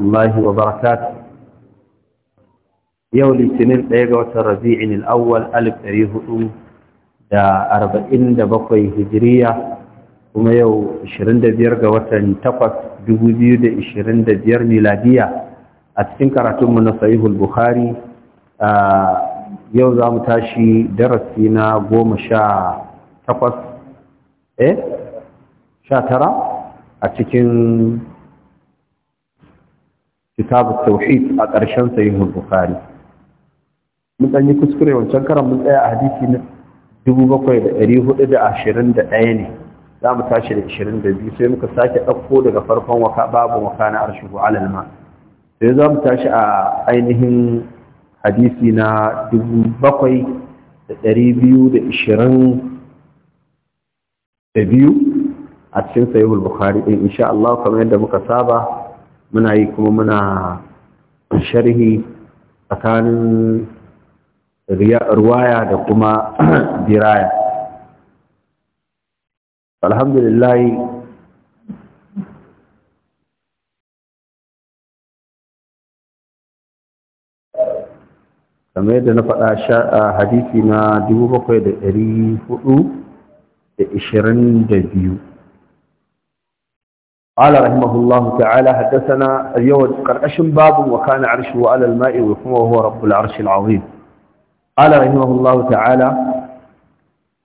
الله وبركاته يوم الاثنين ديغا وتر ربيع الاول 1447 هجريه kuma yau 25 ga watan 8 2025 miladiya a cikin karatunmu na sahihul bukhari yau za tashi darasi na 18 eh a cikin kitabu tauhid a ƙarshen sahihul bukhari mun dan yi kuskure wancan karan mun tsaya a hadisi na 7421 ne za mu tashi da 22 sai muka sake ɗauko daga farkon waka babu waka na arshihu alal ma sai za mu tashi a ainihin hadisi na 7222 a cikin sahihul bukhari In insha Allah kamar yadda muka saba muna yi kuma muna sharhi tsakanin ruwaya da kuma diraya alhamdulillah kamar yadda na faɗa a hadisi na 7422 قال رحمه الله تعالى حدثنا اليوم قرأش باب وكان عرشه على الماء وهو رب العرش العظيم قال رحمه الله تعالى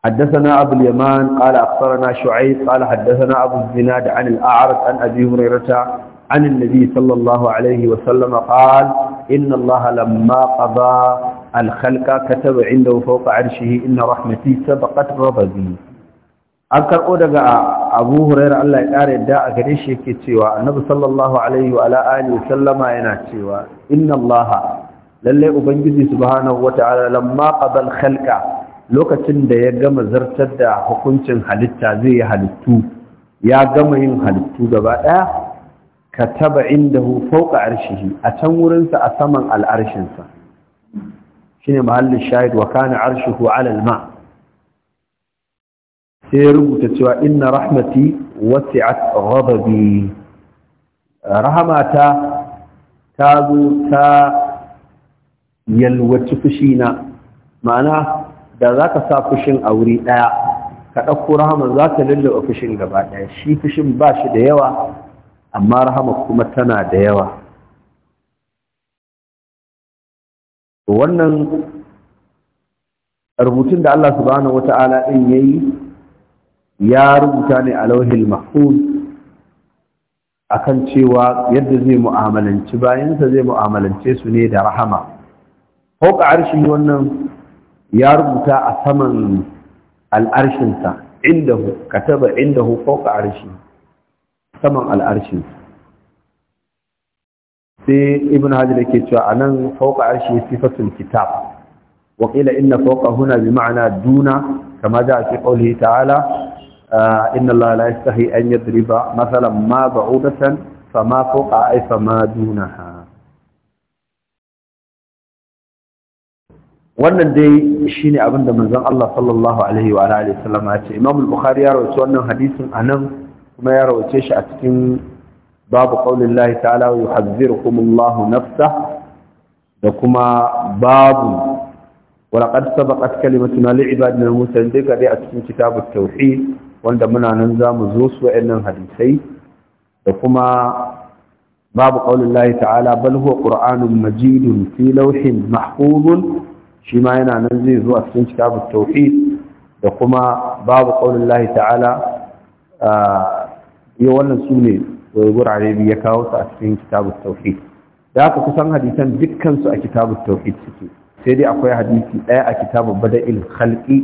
حدثنا أبو اليمان قال أخبرنا شعيب قال حدثنا أبو الزناد عن الأعرج عن أبي هريرة عن النبي صلى الله عليه وسلم قال إن الله لما قضى الخلق كتب عنده فوق عرشه إن رحمتي سبقت غضبي an karɓo daga abu huraira Allah ya ƙara yadda a gare shi yake cewa annabi sallallahu alaihi wa alihi sallama yana cewa inna Allah lallai ubangiji subhanahu wata'ala lamma qadal khalqa lokacin da ya gama zartar da hukuncin halitta zai yi halittu ya gama yin halittu gaba daya kataba indahu fawqa arshihi a can wurinsa a saman al'arshinsa shine mahallin shahid wa kana arshuhu alal ma sai ya rubuta cewa inna rahmati wasi'at ghadabi rahamata ta zo ta yalwaci fushi na. ma'ana da za ka sa fushin a wuri ɗaya ka ɗauko rahama za ta lullaba fushin gaba ɗaya shi fushin ba shi da yawa amma rahama kuma tana da yawa wannan rubutun da Allah subhanahu wata'ala ɗin ya yi ya rubuta ne a lauhil mahfuz akan cewa yadda zai mu'amalanci bayansa zai mu'amalance su ne da rahama fauka arshi wannan ya rubuta a saman al'arshinsa indahu kataba indahu fauka arshi saman al'arshin sai ibn hajar yake cewa anan fauka arshi sifatul kitab wa qila inna fauka huna bi ma'ana duna kama da ake qawlihi ta'ala inna Allah la yastahi an yadriba masalan ma ba'udatan fama fawqa ay fama dunaha wannan dai shine abin da manzon Allah sallallahu alaihi wa alihi wasallam ya ce Imam al-Bukhari ya rawaito wannan hadisin anan kuma ya rawaito shi a cikin babu qaulin Allah ta'ala wa yuhadhdhirukumullahu nafsahu da kuma babu ولقد سبقت كلمتنا لعبادنا المرسلين ذكر a cikin كتاب التوحيد wanda muna nan za mu zo su wa'annan hadisai da kuma babu ƙaunin lahi ta'ala bal huwa ƙur'anun majidun fi laushin mahfuzun shi ma yana nan zai zo a cikin kitabun tauhid da kuma babu ƙaunin lahi ta'ala ya wannan su ne gurare biyu ya kawo su a cikin kitabun tauhid da haka kusan hadisan dukkansu a kitabu tauhid suke sai dai akwai hadisi ɗaya a kitabu bada'il khalqi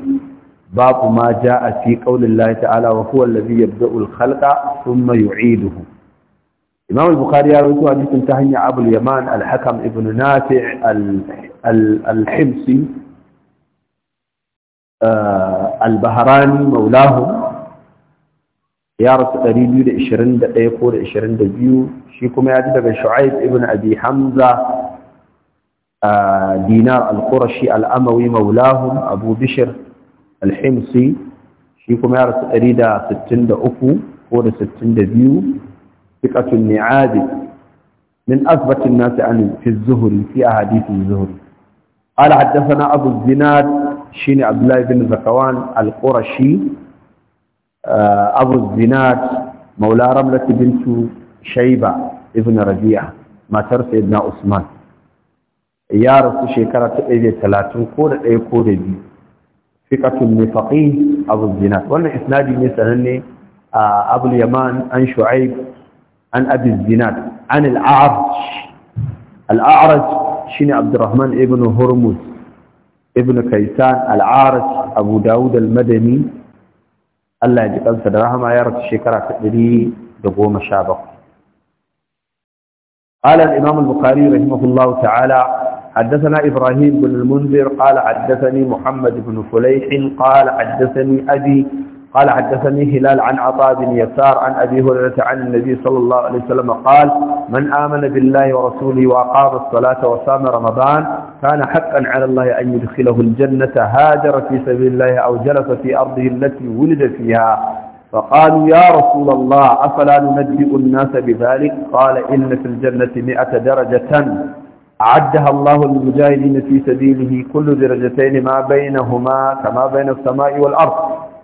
باب ما جاء في قول الله تعالى وهو الذي يبدأ الخلق ثم يعيده إمام البخاري يروي حديث تهني أبو اليمان الحكم ابن نافع الحمصي آه، البهراني مولاه يا رسول الله يقول إشرين دقيقة يقول إشرين دقيقة شيكم يا جدب شعيب ابن أبي حمزة آه، دينار القرشي الأموي مولاهم أبو بشر الحمصي شيكم يارس أريدا ستند أفو قول ستند ثقة النعاد من أثبت الناس عن في الزهري في أحاديث الزهري قال حدثنا أبو الزناد شين عبد الله بن زكوان القرشي آه، أبو الزناد مولى رملة بنت شيبة ابن ربيعة ما ترى سيدنا عثمان يا رسول شيكرة إذا ثلاثون قول أي قول fiqatun min faqih abu wannan isnadi ne sananne a abul yaman an shu'aib an abi zinad an al-a'raj al shine abdurrahman ibn hurmuz ibn kaisan al abu daud al-madani Allah ya ji kansa da rahama ya rasu shekara ta 117 قال الإمام البخاري رحمه الله تعالى حدثنا إبراهيم بن المنذر قال حدثني محمد بن فليح قال حدثني أبي قال حدثني هلال عن عطاء بن يسار عن أبي هريرة عن النبي صلى الله عليه وسلم قال من آمن بالله ورسوله وأقام الصلاة وصام رمضان كان حقا على الله أن يدخله الجنة هاجر في سبيل الله أو جلس في أرضه التي ولد فيها فقالوا يا رسول الله أفلا ننبئ الناس بذلك قال إن في الجنة مئة درجة أعدها الله للمجاهدين في سبيله كل درجتين ما بينهما كما بين السماء والأرض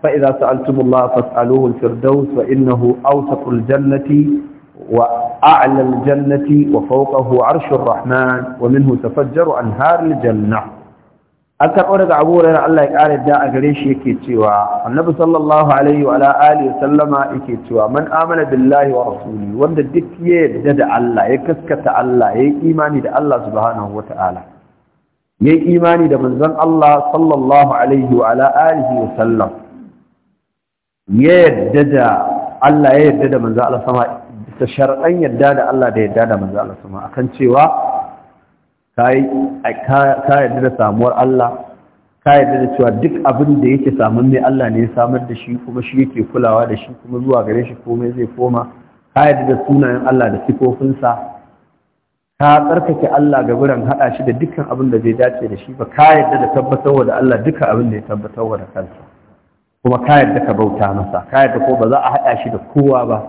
فإذا سألتم الله فاسألوه الفردوس فإنه أوسط الجنة وأعلى الجنة وفوقه عرش الرحمن ومنه تفجر أنهار الجنة an karɓo daga abu wurin Allah ya ƙara da a gare shi yake cewa annabi sallallahu alaihi wa ala alihi sallama yake cewa man amana billahi wa rasuli wanda duk ya yarda da Allah ya kaskata Allah ya yi imani da Allah subhanahu wa ta'ala ya yi imani da manzon Allah sallallahu alaihi wa ala alihi wa sallam ya yarda da Allah ya yarda da manzon Allah sama ta shar'an yarda da Allah da yarda da manzon Allah sama akan cewa ka yadda da samuwar Allah ka yadda da cewa duk abin da yake samun mai Allah ne ya samar da shi kuma shi yake kulawa da shi kuma zuwa gare shi komai zai koma ka yadda da sunayen Allah da sifofinsa ka tsarkake Allah ga wurin haɗa shi da dukkan abin da zai dace da shi ba ka yadda da wa da Allah duka abin da ya wa da kansa kuma ka yadda ka bauta masa ka yadda ko ba za a haɗa shi da kowa ba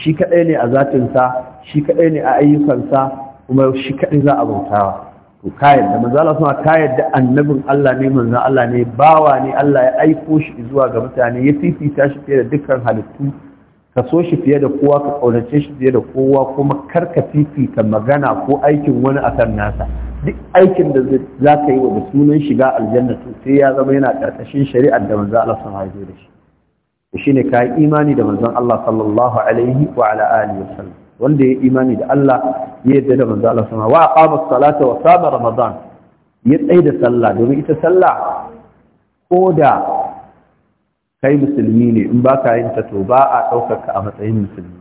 shi kaɗai ne a zatinsa shi kaɗai ne a ayyukansa kuma shi kaɗai za a bautawa to kayan da manzo suna kayan da annabin Allah ne manzo Allah ne bawa ne Allah ya aiko shi zuwa ga mutane ya fifita shi fiye da dukkan halittu ka so shi fiye da kowa ka ƙaunace shi fiye da kowa kuma kar ka fifita magana ko aikin wani kan nasa duk aikin da za ka yi wa da sunan shiga aljanna to sai ya zama yana ƙarƙashin shari'ar da manzo Allah sun haife da shi shine ka yi imani da manzan Allah sallallahu alaihi wa ala alihi wanda ya imani da Allah ya yi da manzo Allah sama wa aqama salata wa sama ramadan ya tsaye da sallah domin ita sallah ko da kai musulmi ne in ba ka yin ta to ba a ɗaukaka a matsayin musulmi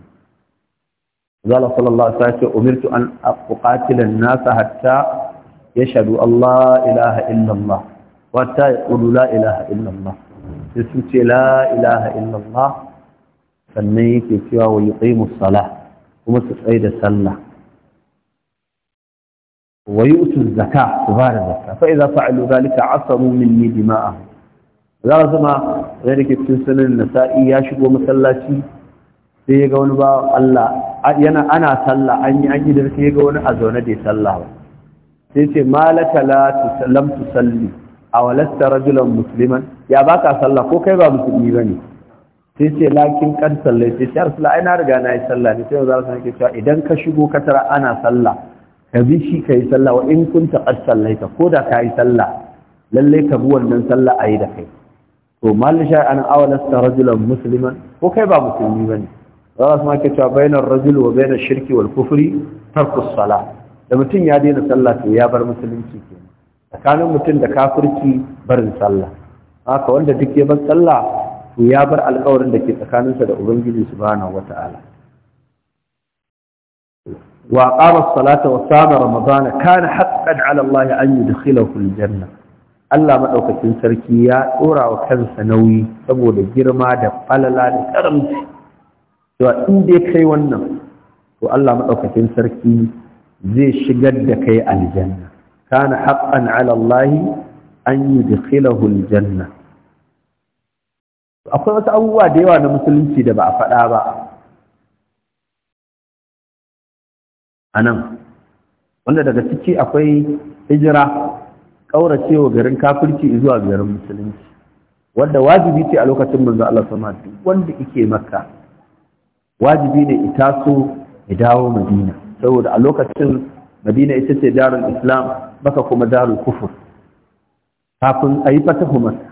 zala sallallahu alaihi wasallam umirtu an uqatila an-nas hatta yashhadu Allah ilaha illa Allah wa hatta yaqulu la ilaha illa Allah sai su ce la ilaha illa Allah sannan yake cewa wa yuqimu salah kuma su tsaye da sallah wa yu'tu zakka su ba da zakka fa idza fa'alu zalika asaru ni dima'ahum za su ma cikin sunan nasa'i ya shigo masallaci sai ya ga wani ba Allah yana ana sallah an yi an yi da sai ya ga wani a da sallah ba sai ce malaka la tusallam tusalli aw lasta rajulan musliman ya baka sallah ko kai ba musulmi bane sai ce lakin kan sallai sai ce arsala ai riga na yi sallah ne sai za su nake cewa idan ka shigo ka tara ana sallah ka bi shi ka yi sallah wa in kunta sallai ka ko da ka yi sallah lallai ka bi wannan sallah ayi da kai to malin sha an awalasta rajulan musulman ko kai ba musulmi ba za su nake cewa bainar rajul wa bainar shirki wal kufri tarku sala da mutum ya daina sallah to ya bar musulunci kenan tsakanin mutum da kafirci barin sallah haka wanda duk ya bar sallah to ya bar alƙawarin da ke tsakaninsa da ubangiji subhanahu wata'ala wa qama as-salata wa sama ramadana kana haqqan 'ala Allah an yudkhilahu al-janna Allah madaukakin sarki ya dora wa kansa nauyi saboda girma da falala da karamci to in dai kai wannan to Allah madaukakin sarki zai shigar da kai aljanna kana haqqan 'ala Allah an yudkhilahu al-janna akwai wasu abubuwa da yawa na musulunci da ba a faɗa ba a nan wanda daga ciki akwai hijira ƙauracewa garin kafirci zuwa garin musulunci wanda wajibi ce a lokacin manzo Allah sama duk wanda yake makka wajibi ne ita so ya dawo madina saboda a lokacin madina ita ce darul islam baka kuma darul kufur kafin a yi fatahu masa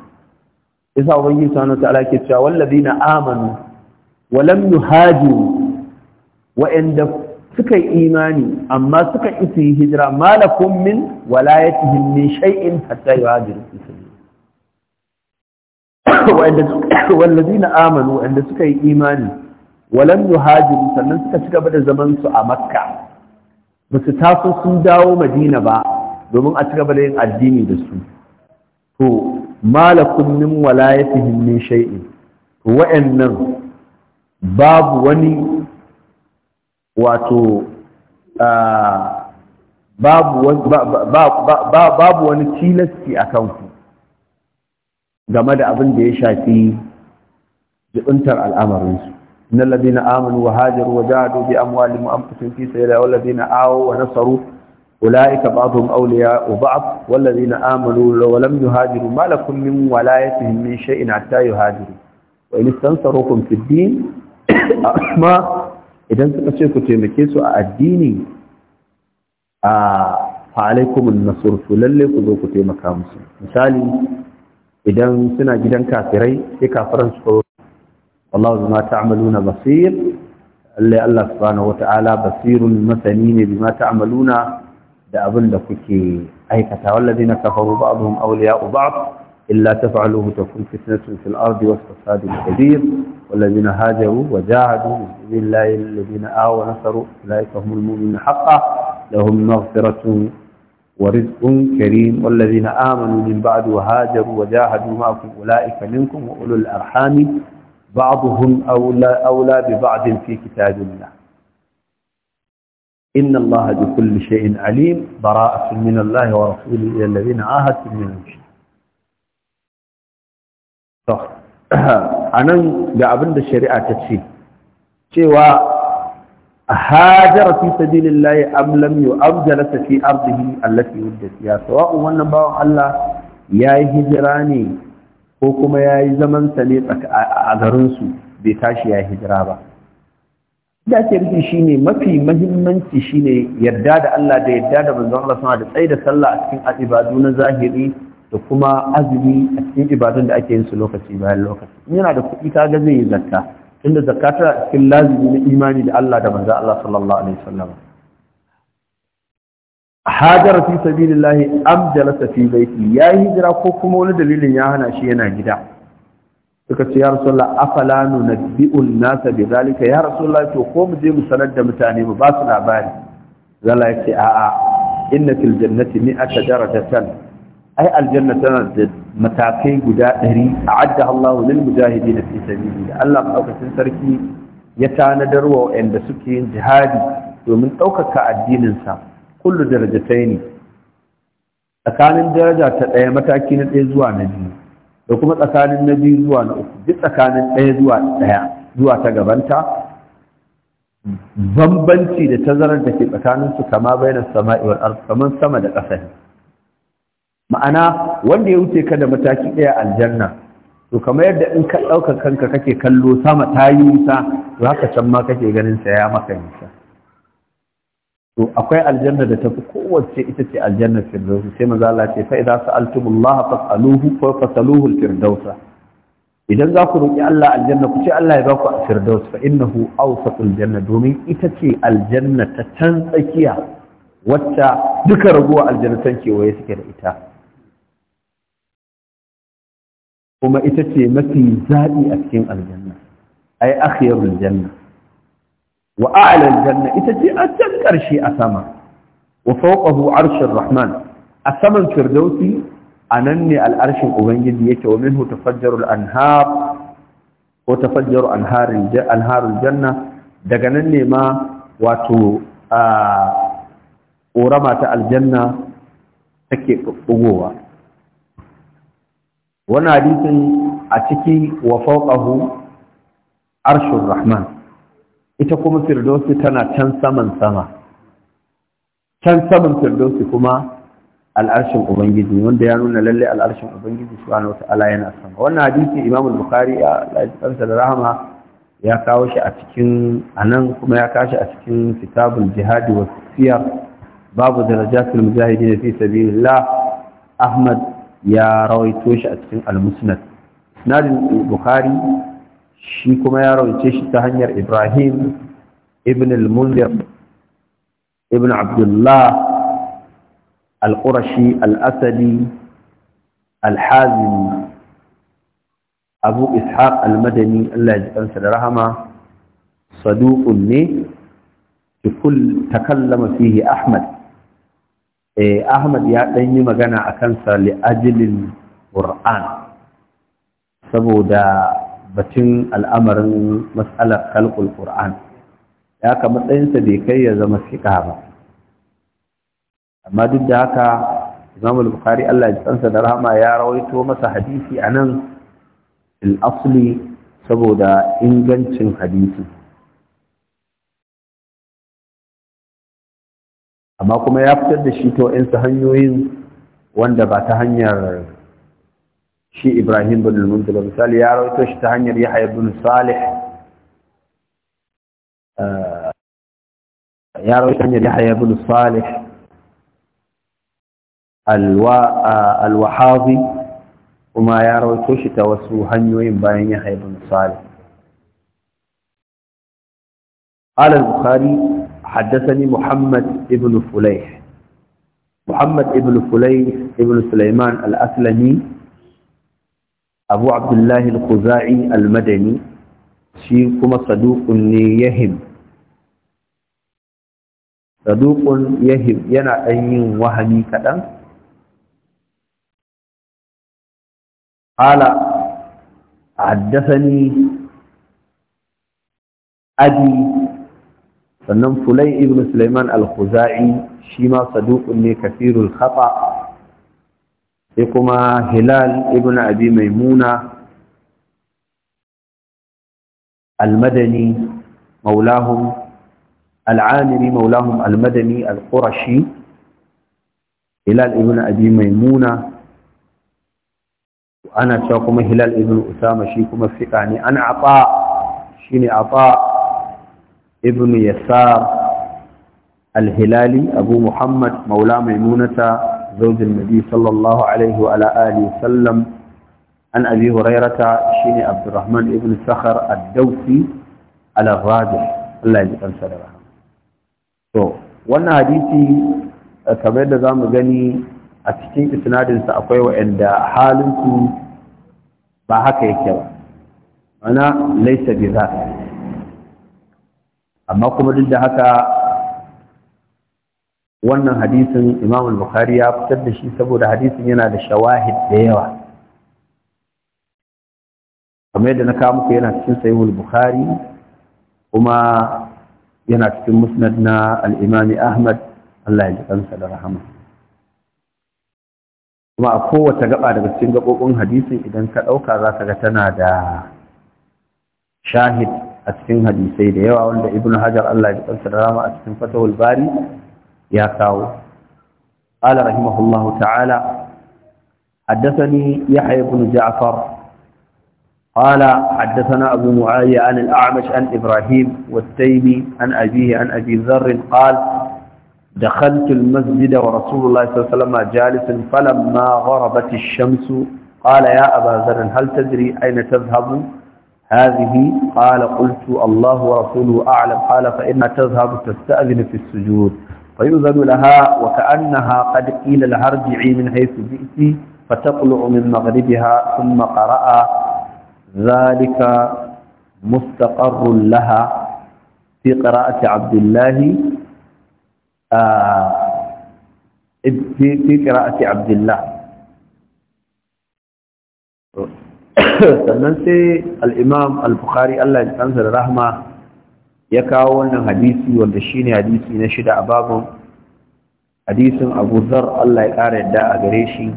yasa ubangiji subhanahu wataala ke cewa wallazina amanu wa lam yuhajiru wa inda suka imani amma suka isi hijira malakum min walayatihim min shay'in hatta yuhajiru fi sabilillah wa inda wallazina amanu wa inda suka yi imani wa lam yuhajiru sannan suka ci gaba da zaman su a makka ba su taso sun dawo madina ba domin a ci gaba da yin addini da su to malakum min walayatihim min shay'in wa'annan babu wani wato babu wani tilasti a kanku game da abin da ya shafi jibintar al'amarinsu na labina amanu wa hajaru wa jahadu bi amwalihim wa anfusihim fi sabilillah wal ladina awaw wa nasaru أولئك بعضهم أولياء بعض والذين آمنوا ولم يهاجروا ما لكم من ولايتهم من شيء حتى يهاجروا وإن استنصروكم في الدين أما إذا سكتشيكم تيمكيسوا الدين فعليكم النصر فللكم ذوكم تيمكامسوا مثالي idan suna gidan kafirai sai kafiran su wallahu bima ta'maluna basir Allah Allah subhanahu wata'ala basirun masani ne bima ta'maluna da abin da kuke aikata wallazina kafaru ba'dhum awliya'u ba'd illa taf'aluhu takun fitnatun fil ardi wa fasadun kabir wallazina hajaru wa ja'adu billahi alladhina awa nasaru ulaika humul mu'minuna haqqan lahum maghfiratun wa rizqun karim wallazina amanu min ba'd wa hajaru wa jahadu ma'akum ulaika minkum wa ulul arham ba'dhum awla awla bi ba'd fi kitabillah إن الله بكل شيء عليم براءة من الله ورسوله إلى الذين عاهدتم من المشركين anan ga abin da shari'a ta ce cewa hajara fi sabilillahi am lam yu'abdala fi ardihi allati wuddat ya sawa'un wannan bawon Allah yayi hijira ne ko kuma yayi zaman sa ne a garinsu bai tashi ya hijira ba da ke rufi shi ne mafi mahimmanci shi ne yarda da Allah da yarda da manzon Allah sama da tsaye da sallah a cikin ibadu na zahiri da kuma azumi a cikin ibadun da ake yin su lokaci bayan lokaci in yana da kuɗi kaga zai yi zakka tunda zakka tana cikin lazimi na imani da Allah da manzon Allah sallallahu alaihi wasallam hajar fi sabilillahi am jalasa fi baiti ya hijira ko kuma wani dalilin ya hana shi yana gida suka ce ya afalanu na biun nasa bi zalika ya rasulullah to ko mu je mu sanar da mutane mu ba su labari zalla ya ce a'a inna fil jannati mi'ata darajatan ai aljanna tana da matakai guda ɗari a a'adda Allahu lil mujahidin fi sabilillah Allah madaukakin sarki ya tanadar wa waɗanda suke yin jihadi domin ɗaukaka addininsa kullu darajatai ne tsakanin daraja ta ɗaya mataki na ɗaya zuwa na biyu da kuma tsakanin na biyu zuwa na uku duk tsakanin ɗaya zuwa ɗaya zuwa ta gabanta bambanci da tazarar da ke tsakanin su kama bayan sama'i wal ard kaman sama da ƙasa ma'ana wanda ya wuce ka da mataki ɗaya aljanna to kamar yadda in ka ɗaukar kanka kake kallo sama ta yi wuta, to haka can ma kake ganin sa ya maka nisa to akwai aljanna da tafi kowace ita ce aljanna firdaus sai maza Allah ce fa idza sa'altumullaha fas'aluhu fa fasaluhu al idan za ku roki Allah aljanna ku ce Allah ya ba ku firdaus fa innahu awsatul janna domin ita ce aljanna ta can tsakiya wacce duka raguwa aljannatan kewaye suke da ita kuma ita ce mafi zaɓi a cikin aljanna ai akhyarul janna wa a'lal janna ita ce a can ƙarshe a sama wa fawqahu arshur rahman a saman firdausi anan ne al'arshin ubangiji yake wa ko tafajjaru anharul janna daga nan ne ma wato a ƙorama ta aljanna take ɓugowa wani hadisin a ciki wa fauƙahu arshin rahman ita kuma firdausi tana can saman sama can saman firdausi kuma al'arshin ubangiji wanda ya nuna lalle al'arshin ubangiji subhanahu wata'ala yana sama wannan hadisi imam al-bukhari a lafiyarsa da rahama ya kawo shi a cikin anan kuma ya kawo shi a cikin kitabul jihadi wa siyar babu darajatul na fi sabilillah ahmad ya rawaito shi a cikin al-musnad nadin bukhari shi kuma ya rawaice shi ta hanyar Ibrahim ibn al-Munzir ibn Abdullah al-Qurashi al-Asadi al-Hazimi Abu Ishaq al-Madani Allah ya ji da rahama saduqun ne kul takallama fihi Ahmad eh Ahmad ya dan yi magana akan sa li ajlil Qur'an saboda batun al'amarin matsalar kalkul Qur'an ya ka matsayinsa bai kai ya zama fiƙa ba amma duk da haka Imam bukari bukhari Allah ya tsansa da rahama ya rawaito masa hadisi a nan asli saboda ingancin hadisi amma kuma ya fitar da shi ta 'yansu hanyoyin wanda ba ta hanyar شي ابراهيم بن المنذر قال يا رويت ايش تهنير يحيى بن صالح آه، يا رويت ايش يحيى بن صالح الوا آه، الوحاضي وما يا رويت ايش توسو هنيوين باين يحيى بن صالح قال البخاري حدثني محمد ابن فليح محمد ابن فليح ابن سليمان الاسلمي abu abdullahi al-khuzai al-madani shi kuma saduqun ne yahim saduqun yahim yana dan yin wahami kadan qala haddathani abi sannan fulai ibn sulaiman al-khuzai shi ma saduqun ne kafirul khata' sai kuma hilal ibn abi maimuna almadani maulahum al'amiri maulahum Al alqurashi hilal ibn abi maimuna ana cewa kuma hilal ibn usama shi kuma fiqa ne an afa ne afa ibn yasar hilali abu muhammad maula maimunata زوج النبي صلى الله عليه وعلى آله وسلم عن أبي هريرة شيني عبد الرحمن بن سخر الدوسي على الراجح الله wannan hadisi eh, kamar da zamu gani a cikin isnadin akwai waɗanda halinsu ba haka yake ba ana laysa bi amma kuma duk da haka wannan hadisin imam al-bukhari ya fitar da shi saboda hadisin yana da shawahid da yawa kamar yadda na kawo muku yana cikin al bukhari kuma yana cikin musnad na al-imam ahmad Allah ya ji kansa da rahama kuma a kowace gaba daga cikin gabobin hadisin idan ka dauka zaka ga tana da shahid a cikin hadisai da yawa wanda ibnu hajar Allah ya ji kansa da rahama a cikin fatahul bari يا kawo قال رحمه الله تعالى حدثني يحيى بن جعفر قال حدثنا أبو معاية عن الأعمش عن إبراهيم والتيمي عن أبيه عن أبي ذر قال دخلت المسجد ورسول الله صلى الله عليه وسلم جالس فلما غربت الشمس قال يا أبا ذر هل تدري أين تذهب هذه قال قلت الله ورسوله أعلم قال فإن تذهب تستأذن في السجود فيؤذن لها وكأنها قد قيل لها ارجعي من حيث جئت فتطلع من مغربها ثم قرأ ذلك مستقر لها في قراءة عبد الله آه في في قراءة عبد الله سننسي الإمام البخاري الله bukhari رحمه ya kawo wannan hadisi wanda shine hadisi na shida a babun hadisin Abu Allah ya kara yadda a gare shi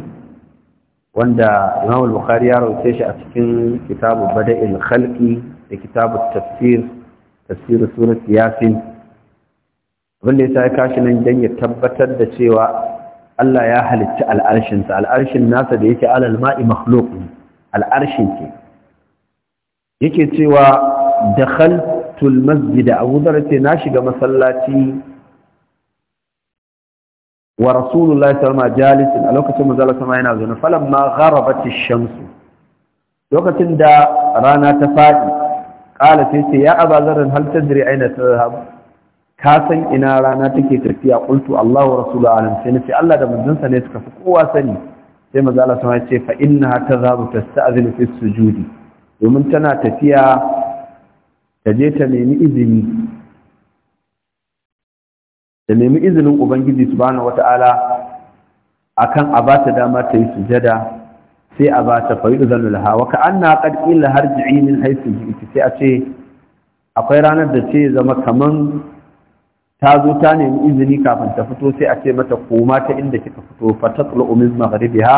wanda Imam Bukhari ya rawaita shi a cikin Kitabu Bada'il Khalqi da Kitabu Tafsir Tafsir Surat Yasin wanda ya sa kashi nan dan ya tabbatar da cewa Allah ya halicci al'arshinsa al'arshin nasa da yake alal ma'i makhluq al'arshin ke yake cewa dakhal tul masjida abu zar ce na shiga masallaci wa rasulullahi sallallahu alaihi jalisin a lokacin manzala sama yana zaune falamma gharabat ash-shams lokacin da rana ta faɗi, ƙala sai ce ya aba zar hal tadri aina tadhhab ka san ina rana take tafiya qultu allah wa rasuluhu alim sai ce allah da manzansa ne suka fi kowa sani sai manzala sama ya ce fa innaha tadhhabu tasta'dhinu fi sujudi domin tana tafiya ta je ta nemi izini ta nemi izinin ubangiji subhanahu wata'ala akan a ba ta dama ta yi sujada sai a ba ta fa'idu zan laha wa ka'anna qad qila harji'i min haythu ji'ti sai a ce akwai ranar da ce zama kaman ta zo ta nemi izini kafin ta fito sai a ce mata koma ta inda kika fito fa tatlu'u min maghribiha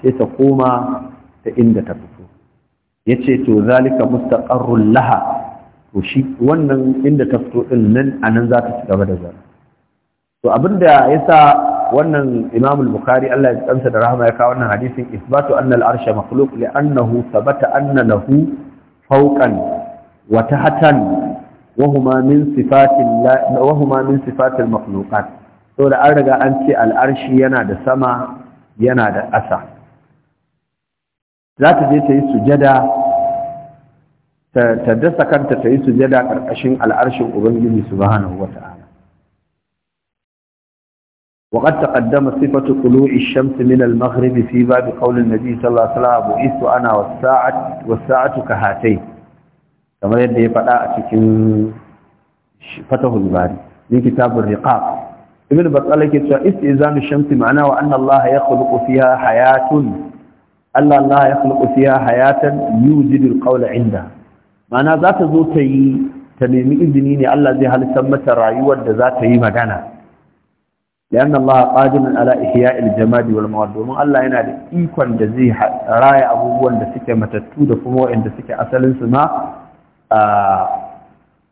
sai ta koma ta inda ta fito yace to zalika mustaqarrul laha to shi wannan inda ta fito din nan a nan za ta ci gaba da zama to abinda ya sa wannan imam al-bukhari Allah ya tsamsa da rahama ya kawo wannan hadisin isbatu anna al-arsha makhluq li annahu thabata anna lahu fawqan wa tahtan wa huma min sifati wa huma min sifati al-makhluqat to da an riga an ce al-arshi yana da sama yana da ƙasa za ta je ta yi sujada ta كانت kanta ta yi على ƙarƙashin al'arshin سبحانه وتعالى وقد تقدم صفة طلوع الشمس من المغرب في باب قول النبي صلى الله عليه وسلم بئست أنا والساعة والساعة كهاتين كما يدي فلا أتكين فته الباري من كتاب الرقاق ابن بطالة كتاب استئذان الشمس معناه وأن الله يخلق فيها حياة أن الله يخلق فيها حياة يوجد القول عندها mana za ta zo ta yi ta nemi izini ne Allah zai halittar mata rayuwar da za ta yi magana lian Allah qadirun ala ihya'il jamadi wal mawad domin Allah yana da ikon da zai raya abubuwan da suke matattu da kuma waɗanda suke asalin su ma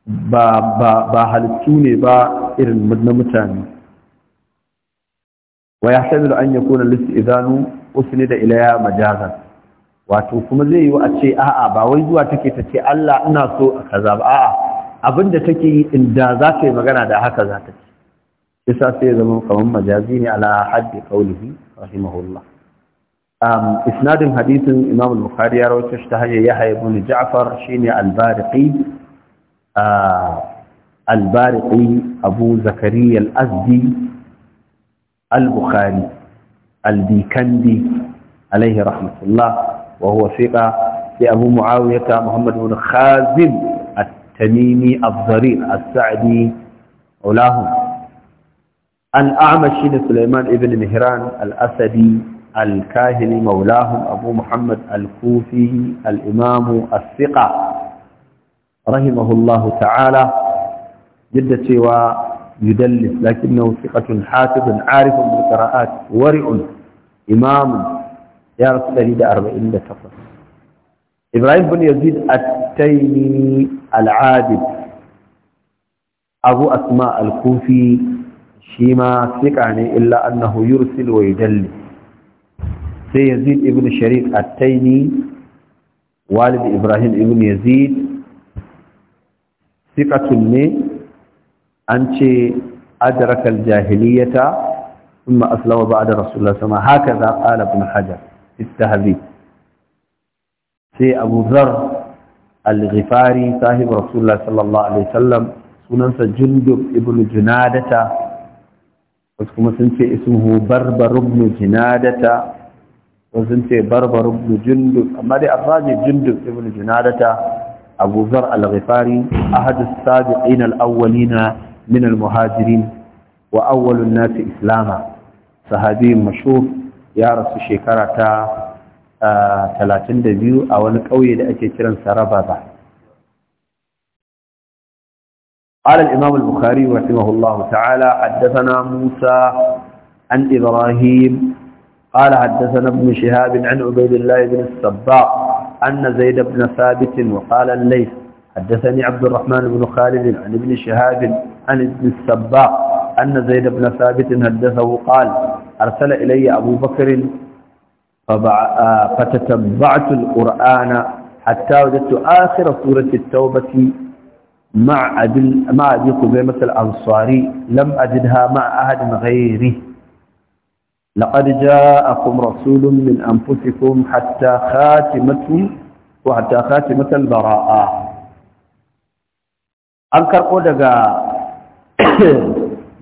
ba ba ba halittu ne ba irin na mutane wa yahtamilu an yakuna lisidanu usnida ilayha majazan wato kuma zai yiwu a ce a'a ba wai zuwa take ta ce Allah ina so kaza ba a'a abinda take yi inda za ta yi magana da haka za ta ce isa sai zama kamar majazi ne ala haddi qaulihi rahimahullah um isnadin hadithin imam al-bukhari ya rawaito shi ta hanyar yahya ibn ja'far shine al-bariqi uh, al-bariqi abu zakariya al-azdi al-bukhari al-bikandi alaihi rahmatullah وهو ثقة أبو معاوية محمد بن خازم التميمي الضرير السعدي علاهم الأعمش سليمان ابن مهران الأسدي الكاهلي مولاهم أبو محمد الكوفي الإمام الثقة رحمه الله تعالى جدة ويدلس لكنه ثقة حافظ عارف بالقراءات ورع إمام ya rasu 148 ibrahim bin yazid at-taymi al abu asma al-kufi shi ma Siƙa ne illa annahu yursil wa yudalli sai yazid ibn Shari' at-taymi walid ibrahim ibn yazid sikatun ne an ce adraka al-jahiliyata ثم أسلم بعد رسول الله صلى الله هكذا قال ابن حجر التهذيب سي ابو ذر الغفاري صاحب رسول الله صلى الله عليه وسلم وننسى جندب ابن جنادة وكما سنتي اسمه بربر بن جنادة وسنتي بربر بن جندب اما دي افراج جندب ابن جنادة ابو ذر الغفاري احد السابقين الاولين من المهاجرين واول الناس اسلاما صحابي مشهور ya rasu shekara ta 32 a wani ƙauye da ake kiran Sarababa قال الإمام البخاري رحمه الله تعالى حدثنا موسى عن إبراهيم قال حدثنا ابن شهاب عن عبيد الله بن السباق أن زيد بن ثابت وقال الليث حدثني عبد الرحمن بن خالد عن ابن شهاب عن ابن السباق أن زيد بن ثابت حدثه قال أرسل إلي أبو بكر آه، فتتبعت القرآن حتى وجدت آخر سورة التوبة مع أبي مع أبي قبيمة الأنصاري لم أجدها مع أحد غيره لقد جاءكم رسول من أنفسكم حتى خاتمة وحتى خاتمة البراءة أنكر قدقا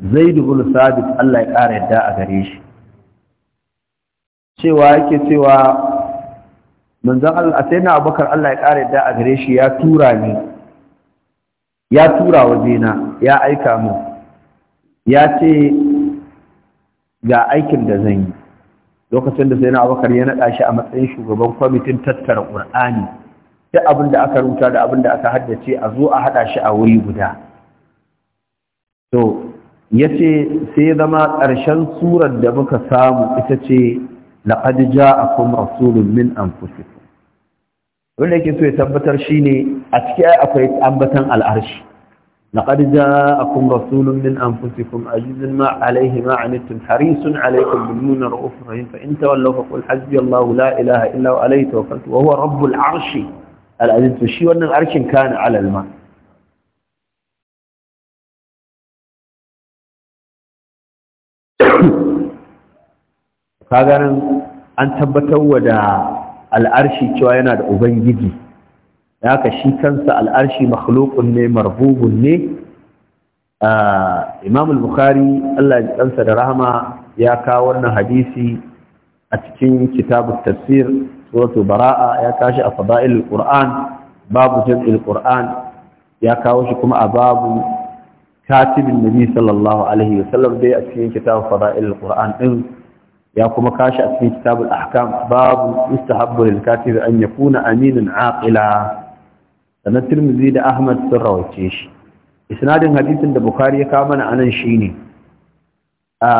Zaidu bin sabit Allah ya ƙara yadda a gare shi cewa yake cewa manzon Allah sai na Abubakar Allah ya ƙara yadda a gare shi ya tura ni ya tura waje na, ya aika mu ya ce ga aikin da zan yi lokacin da sai na Abubakar ya naɗa shi a matsayin shugaban kwamitin tattara Qur'ani duk abin da aka rubuta da abin da aka haddace a zo a haɗa shi a wuri guda to ya ce sai zama ƙarshen surar da muka samu ita ce laƙad ja'akum rasulun min anfusikum wanda yake so ya tabbatar shine a cikin akwai ambatan al'arshi laƙad ja'akum rasulun min anfusikum azizun ma alaihi ma anittum harisun alaikum bil mu'minina ra'ufur rahim fa in tawallaw fa qul hasbiyallahu la ilaha illa huwa alayhi tawakkaltu wa huwa rabbul arshi al aziz shi wannan arshin kana alal ma' kaga an tabbatar wa da al'arshi cewa yana da ubangiji haka shi kansa al'arshi makhluqun ne marbubun ne imam al-bukhari Allah ya kansa da rahama ya kawo wannan hadisi a cikin kitabut tafsir suratu bara'a ya kashi a fada'il quran babu jam'il qur'an ya kawo shi kuma a babu katibin nabi sallallahu alaihi wasallam dai a cikin kitabut fada'il al-qur'an ɗin. ya kuma kashi a cikin kitabul ahkam babu istihabbu lil katibi an yakuna aminan aqila sana tirmidhi da ahmad sun rawace shi isnadin hadithin da bukhari ya kawo mana anan shine a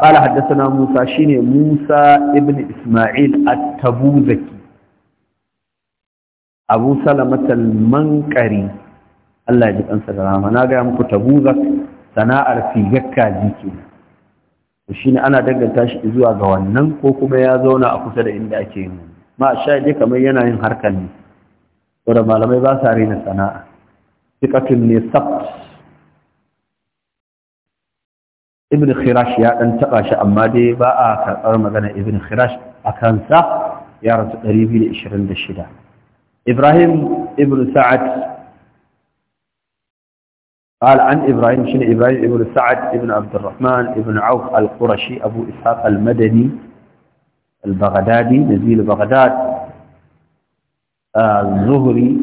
qala haddathana musa shine musa ibn isma'il at-tabuzaki abu salamat al-manqari Allah ya ji kansa da rahama na gaya muku ta buza sana'ar figakka jiki shi ne ana danganta shi zuwa ga wannan ko kuma ya zauna a kusa da inda ake yin ma shaidi kamar yana yin harkar ne wadda malamai ba sa rena sana'a Sikatun ne sabt ibn khirash ya dan taba shi amma dai ba a karbar magana ibn khirash akan sa ya rasu 226 ibrahim ibn sa'ad قال عن إبراهيم شن إبراهيم ابن سعد ابن عبد الرحمن ابن عوف القرشي أبو إسحاق المدني البغدادي نزيل بغداد آه، الزهري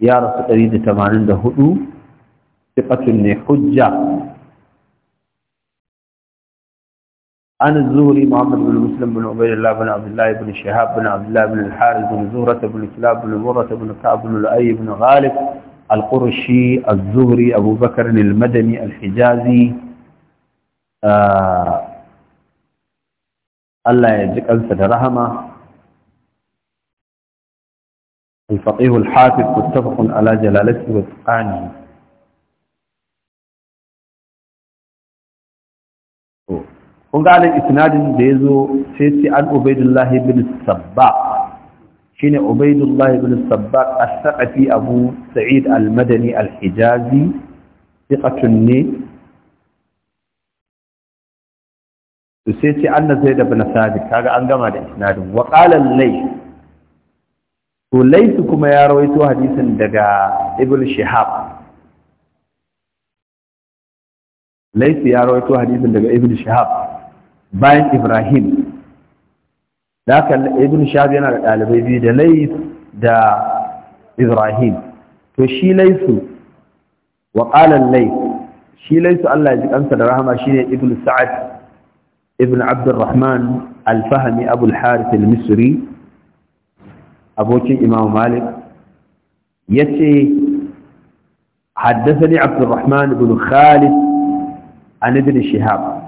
يا رسول أريد تمانين دهدو ثقة حجة عن الزهري محمد بن مسلم بن عبيد الله بن عبد الله بن شهاب بن عبد الله بن الحارث بن زهرة بن كلاب بن مرة بن كعب بن الأي بن غالب القرشي الزهري أبو بكر المدني الحجازي آه الله يجزيك أنسى رحمة الفقيه الحافظ متفق على جلالته واتقانه kun ga alin isnadin da ya zo sai السباق an ubaidullahi bin sabba shine Ubaidullah ibn Sabbaq as-Saqafi Abu Sa'id al-Madani al-Hijazi thiqatun ne to sai ce anna Zaid ibn Sabit kaga an gama da isnadin wa qala al-Layth to Layth kuma ya rawaito hadisin daga Ibn Shihab Layth ya rawaito hadisin daga Ibn Shihab bayan Ibrahim da haka ibn shahab yana da ɗalibai biyu da lais da ibrahim to shi laisu wa qala lais shi laisu Allah ya ji ƙansa da rahama ne ibn sa'ad ibn abdurrahman alrahman al abu harith al-misri abokin imam malik yace haddasa عبد abdurrahman بن Khalid عن ابن شهاب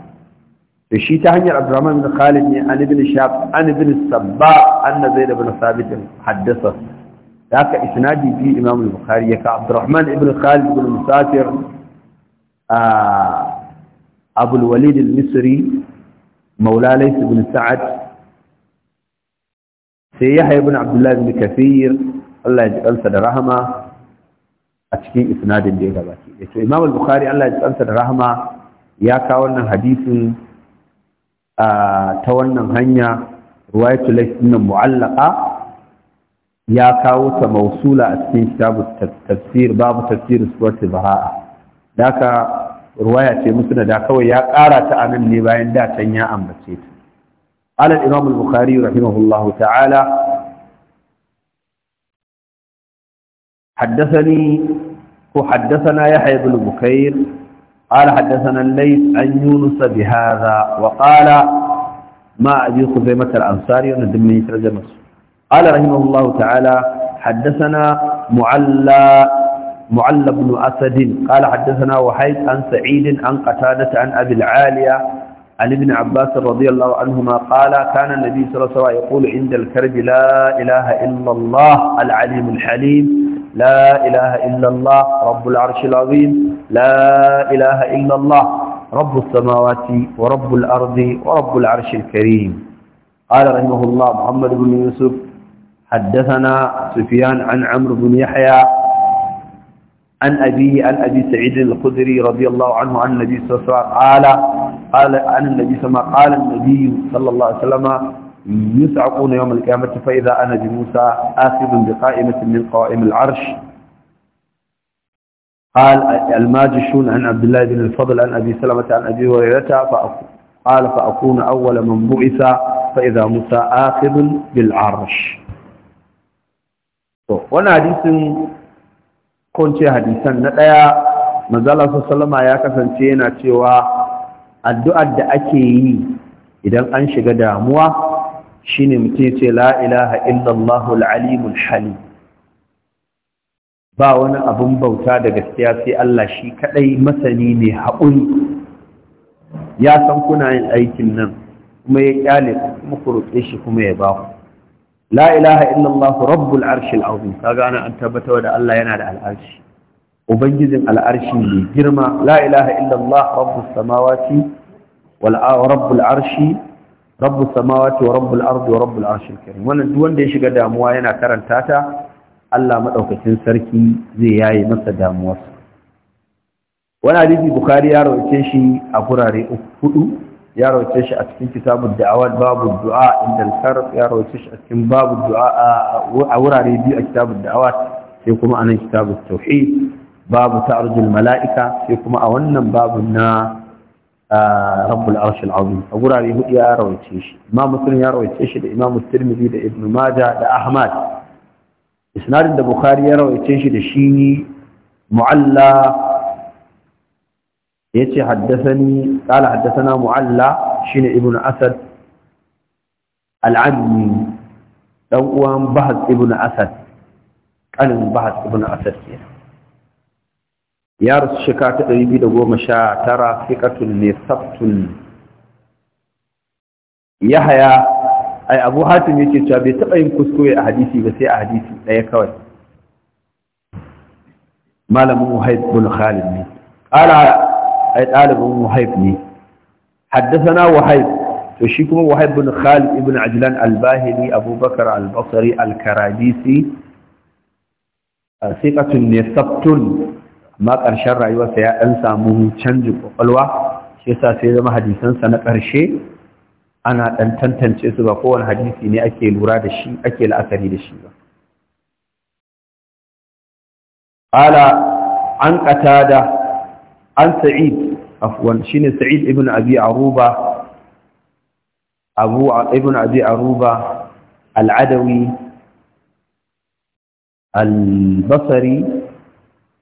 da shi ta hanyar abdurrahman bin khalid ne an ibn shab an ibn sabba anna zaid ibn sabit haddasa haka isnadi fi imam al-bukhari ya ka abdurrahman ibn khalid ibn musafir a abu al-walid al-misri مولى ليس بن سعد سيحيى بن عبد الله بن كثير الله يجعلنا da rahama a cikin isnadin da ya gabata to imam al-bukhari Allah ya tsanta da rahama ya kawo wannan hadisin ta wannan hanya laifin nan mu'allaka ya kawo ta mausula a cikin shabu tafsir babu tafsir baha'a. bara'a daka ruwaya ce musu da kawai ya ƙara ta anan ne bayan datan ya ambace ta alal imam al-bukhari rahimahullahu ta'ala حدثني وحدثنا يحيى بن بكير قال حدثنا الليث عن يونس بهذا وقال ما أبي خزيمة الأنصاري ونزمني ترجمة قال رحمه الله تعالى حدثنا معلى معلى بن أسد قال حدثنا وحيد عن سعيد عن قتادة عن أبي العالية عن ابن عباس رضي الله عنهما قال كان النبي صلى الله عليه وسلم يقول عند الكرب لا إله إلا الله العليم الحليم لا إله إلا الله رب العرش العظيم لا إله إلا الله رب السماوات ورب الأرض ورب العرش الكريم قال رحمه الله محمد بن يوسف حدثنا سفيان عن عمرو بن يحيى عن أبي عن أبي سعيد الخدري رضي الله عنه عن النبي صلى الله عليه وسلم قال قال عن النبي قال النبي صلى الله عليه وسلم يسعقون يوم القيامة فإذا أنا بموسى آخذ بقائمة من قوائم العرش قال الماجشون عن عبد الله بن الفضل عن أبي سلمة عن أبي هريرة قال فأكون أول من بعث فإذا موسى آخذ بالعرش وانا حديث كنت حديثا نتايا مزالة سلمة يا كسنتين أتوا الدعاء da ake yi idan an shiga damuwa shine mutum ya ce la ilaha illallahu al hali. ba wani abin bauta da gaskiya sai Allah shi kadai masani ne haƙuri ya san kuna yin aikin nan kuma ya ƙyale kuma ku shi kuma ya ba ku la ilaha rabbul arshil azim kaga ana an tabbatar da Allah yana da al'arshi ubangijin al'arshi ne girma la ilaha illallah rabbus samawati wal rabbul arshi Rabbu samawati wa rabbul ardi wa rabbul arshil karim wannan duk wanda ya shiga damuwa yana karanta ta Allah madaukakin sarki zai yayi masa damuwarsa wani hadisi bukari ya rauce shi a gurare hudu ya rauce shi a cikin kitabun da'awar babu du'a inda al-sarf ya rauce shi a cikin babu du'a a wurare biyu a kitabun da'awar sai kuma anan kitabun tauhid babu ta'arjul mala'ika sai kuma a wannan babu na rabbul arshil azim a gurare hudu ya rawaice shi imam muslim ya rawaice shi da imam tirmidhi da ibnu maja da ahmad isnadin da bukhari ya rawaice shi da shi mu'alla yace haddathani qala haddathana mu'alla shine ibn asad al-ammi dan uwan bahad ibn asad kanin bahad ibn asad kenan يا رس شكات قريبي دقو مشا ترى ثقة لثبت يا حيا أي أبو هاتم يجي تشابي تقيم كسكوي أحديثي بس يا أحديثي لا يكوي ما لم محيط بن خالد مي قال أي قال بن محيط مي حدثنا وحيط تشيكم وحيط بن خالد ابن عجلان الباهلي أبو بكر البصري الكراديسي ثقة لثبت amma ƙarshen rayuwarsa ya ɗan samu canjin ƙwaƙwalwa shi yasa sai zama hadisansa na ƙarshe ana ɗan tantance su ba kowane hadisi ne ake lura da shi ake la'akari da shi ba ala an qatada an sa'id afwan shine sa'id ibn abi aruba abu ibn abi aruba al-adawi al-basri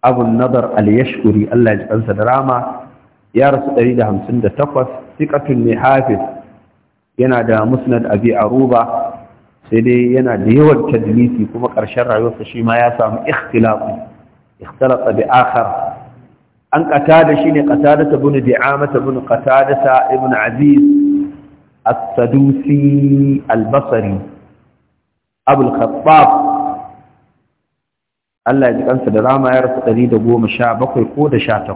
abun nadar al-yashkuri Allah ya kansa da rama ya rasu 158 thiqatun ne hafiz yana da musnad abi aruba sai dai yana da yawan tadlisi kuma ƙarshen rayuwarsa shi ma ya samu ikhtilafu ikhtalata bi akhar an qatada shine qatadata ibn di'amata ibn qatadata ibn aziz as-sadusi al-basri abu khattab Allah ya ji kansa da rama ya rasu bakwai ko da 18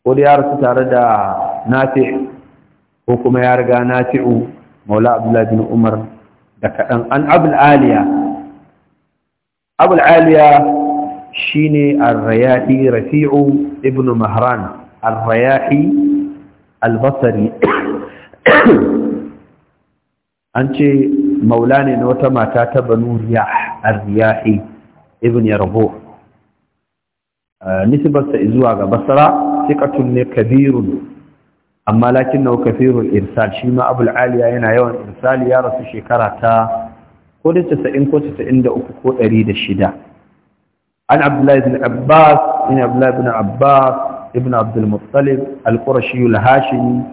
ko da ya rasu tare da nafi ko kuma ya riga nafi'u maula abdullahi bin umar da kaɗan an abul aliya abul aliya shine ar-rayahi rafi'u ibn mahran ar albasari al an ce maula ne na wata mata ta banu riyah ar ibn yarbo eh, nisbarsa zuwa ga basra thiqatun ne kabirun amma lakin lakinnahu kathirul irsal shi ma abul aliya yana yawan irsali ya rasu shekara ta ko da 90 ko 93 ko 106 an abdullahi ibn abbas ibn abdullahi ibn abbas ibn abdul muttalib al-qurashi al-hashimi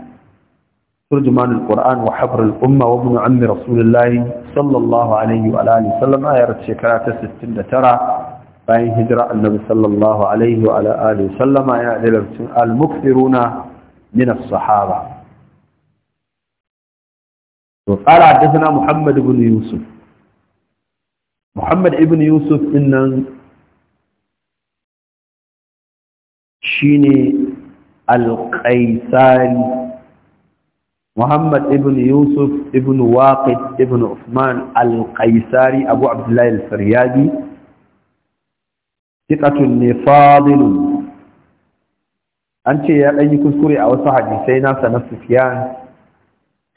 ترجمان القرآن وحبر الأمة وابن عم رسول الله صلى الله عليه وآله وسلم آيات شكرا تستن ترى باين هجرة النبي صلى الله عليه وعلى آله وسلم آيات المكثرون من الصحابة قال حدثنا محمد بن يوسف محمد بن يوسف إن شيني القيساني Muhammad ibn Yusuf ibn Waqid ibn Uthman al-Qaisari Abu Abdullah al-Faryadi thiqatun ne fadilun an ce ya ɗan yi kuskure a wasu hadisai nasa na Sufyan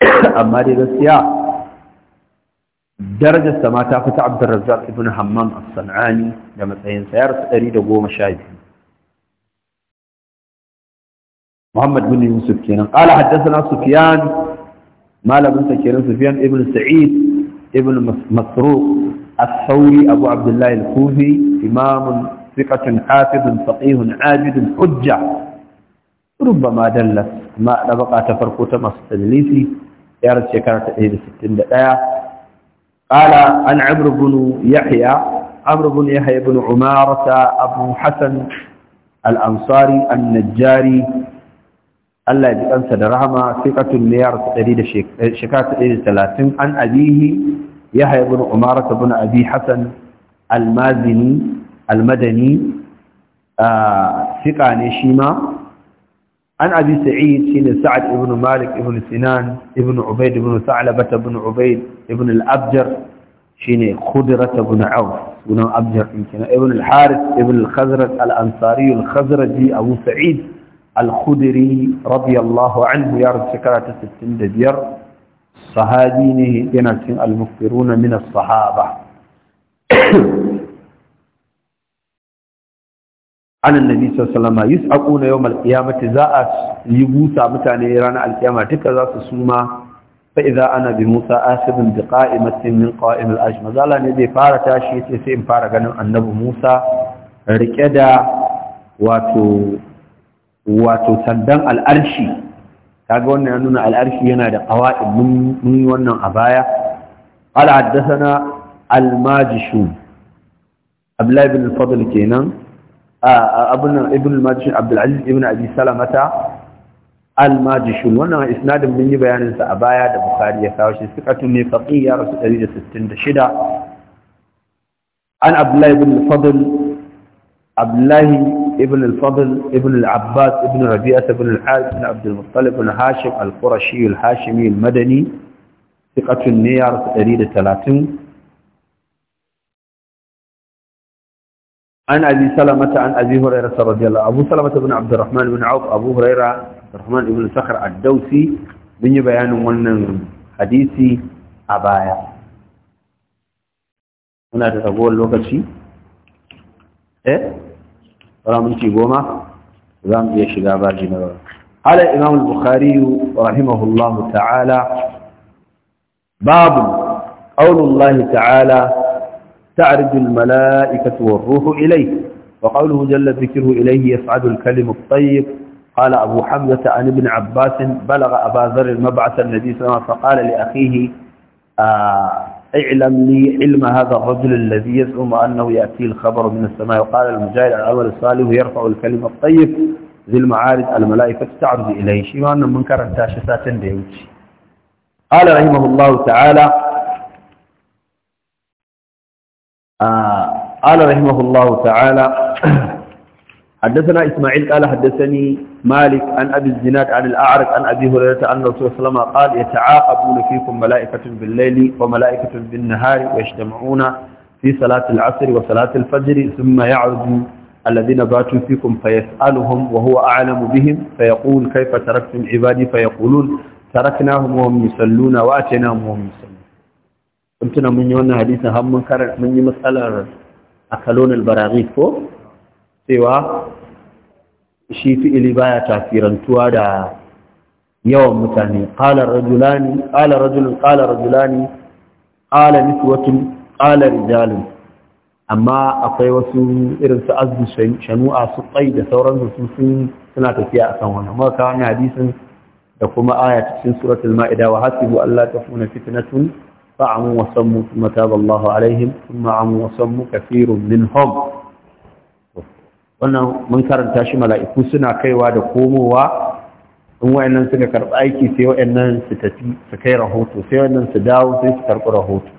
amma dai gaskiya darajarsa ma ta ta Abdurrazzaq ibn Hammam as-San'ani da matsayinsa ya sha 112 محمد بن يوسف كينان قال حدثنا سفيان ما لم كينان سفيان ابن سعيد ابن مسروق الثوري أبو عبد الله الكوفي إمام ثقة حافظ فقيه عاجد حجة ربما دلت ما لبقى تفرقوت مستدليسي يارد شكرة إهل ستين دقاء قال عن عمرو بن يحيى عمرو بن يحيى بن عمارة أبو حسن الأنصاري النجاري Allah ji kansa da rahama siqatul liyar da eh, shekara 130 an abihi yahya ibn umara ibn abi hasan al-mazini al-madani siqa ah, ne shi ma an abi sa'id shi ne sa'ad ibn malik ibn sinan ibn ubayd ibn sa'labah ibn Ubaid ibn al-abjar shine khudrat ibn auf sunan abjar din kenan ibn al-harith ibn al-khazraj al-ansari abu sa'id al-khudri radiyallahu anhu ya rasu shekara ta 65 sahabi ne yana cikin al-muftiruna min as-sahaba an annabi sallallahu alaihi wasallam yawm al-qiyamati za'a yi mutane ranar al-qiyama duka za su suma fa idza ana bi musa asibun bi qa'imatin min qa'im al-ajm zala ne bai fara tashi sai sai in fara ganin annabi musa rike da wato wato sandan al'arshi kaga wannan ya nuna al'arshi yana da qawa'id mun yi wannan a baya qala haddathana al-majishun abdullah ibn al-fadl kenan abun ibn al-majishun abdul aziz ibn abi salamata al-majishun wannan isnadin mun yi bayanin sa a baya da bukhari ya kawo shi sikatun ne faqih ya rasu 166 an Abdullahi ibn al-fadl abdullahi ابن الفضل ابن العباس ابن ربيعة بن الحاج بن عبد المطلب بن هاشم القرشي الهاشمي المدني ثقة النيار 130 عن أبي سلمة عن أبي هريرة رضي الله أبو سلمة بن عبد الرحمن بن عوف أبو هريرة عبد الرحمن بن سخر الدوسي من بيان من حديثي أبايا هنا تقول لوكشي إيه رامنتي قوما رام يشيغا باجينا قال الإمام البخاري رحمه الله تعالى باب قول الله تعالى تعرج الملائكة والروح إليه وقوله جل ذكره إليه يصعد الكلم الطيب قال أبو حمزة عن ابن عباس بلغ أبا ذر المبعث النبي صلى الله عليه وسلم فقال لأخيه آه، اعلم لي علم هذا الرجل الذي يزعم أنه يأتي الخبر من السماء وقال المجاهد الأول الصالح يرفع الكلمة الطيب ذي المعارض الملائكة تعرض إليه شيء أن منكر التاشسات ديوتي قال رحمه الله تعالى آه قال رحمه الله تعالى حدثنا إسماعيل قال حدثني مالك عن أبي الزناد عن الأعرج عن أبي هريرة أن رسول الله صلى قال يتعاقبون فيكم ملائكة بالليل وملائكة بالنهار ويجتمعون في صلاة العصر وصلاة الفجر ثم يعرض الذين باتوا فيكم فيسألهم وهو أعلم بهم فيقول كيف تركتم عبادي فيقولون تركناهم وهم يصلون وأتيناهم وهم يصلون قلتنا من يونا حديثا هم من, من مسألة أكلون البراغيث فوق cewa shi fi'ili baya tafirantuwa da yawan mutane qala rajulani qala rajulun qala rajulani qala niswatun qala rijalun amma akwai wasu irin su azbu shanu'a su tsai da sauran su sun suna tafiya akan wannan maka wannan hadisin da kuma aya cikin suratul ma'ida wa hasibu alla tafuna fitnatun fa'amu wa sammu thumma taba Allahu alaihim thumma amu wa sammu kathirun minhum wannan mun karanta shi mala'iku suna kaiwa da komowa in wayannan suka karba aiki sai wayannan su tafi su kai rahoto sai wayannan su dawo sai su karba rahoto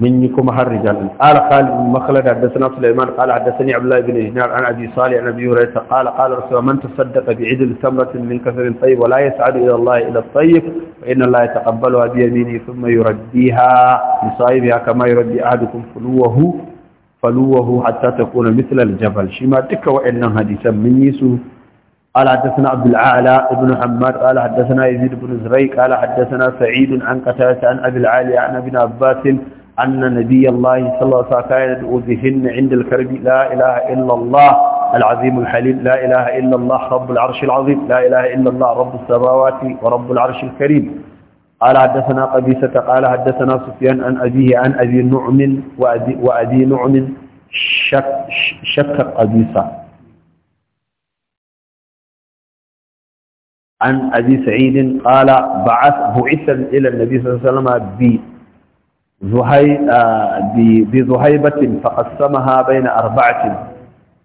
من يكم هالرجال قال قال مخلد حدثنا سليمان قال حدثني عبد الله بن دينار عن ابي صالح عن ابي هريره قال قال رسول الله من تصدق بعدل ثمره من كثر طيب ولا يسعد الى الله الى الطيب فان الله يتقبلها بيمينه ثم يرديها لصاحبها كما يردي احدكم فلوه فلوه حتى تكون مثل الجبل شما تك وإنها حديثا من يسو قال حدثنا عبد العالى ابن حماد قال حدثنا يزيد بن زريق قال حدثنا سعيد عن قتادة عن أبي العالي عن ابن عباس أن نبي الله صلى الله عليه وسلم كان يدعو بهن عند الكرب لا إله إلا الله العظيم الحليم لا إله إلا الله رب العرش العظيم لا إله إلا الله رب السماوات ورب العرش الكريم قال حدثنا قبيسة قال حدثنا سفيان عن أبيه عن أبي نعم وأبي, نعم شك, شك قبيسة عن أبي سعيد قال بعث بعث إلى النبي صلى الله عليه وسلم بذهيبة آه، فقسمها بين أربعة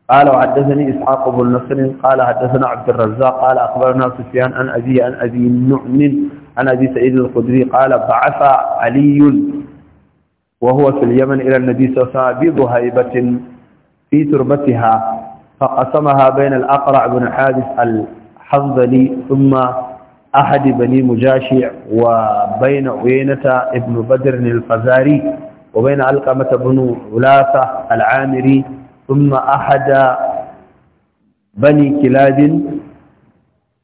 قال وحدثني إسحاق بن نصر قال حدثنا عبد الرزاق قال أخبرنا سفيان عن أبي عن أبي نعم عن أبي سعيد الخدري قال بعث علي وهو في اليمن إلى النبي صلى الله عليه وسلم بضهيبة في تربتها فقسمها بين الأقرع بن حادث الحنظلي ثم أحد بني مجاشع وبين عينه ابن بدر الفزاري وبين القمه بن علاثه العامري ثم أحد بني كلاب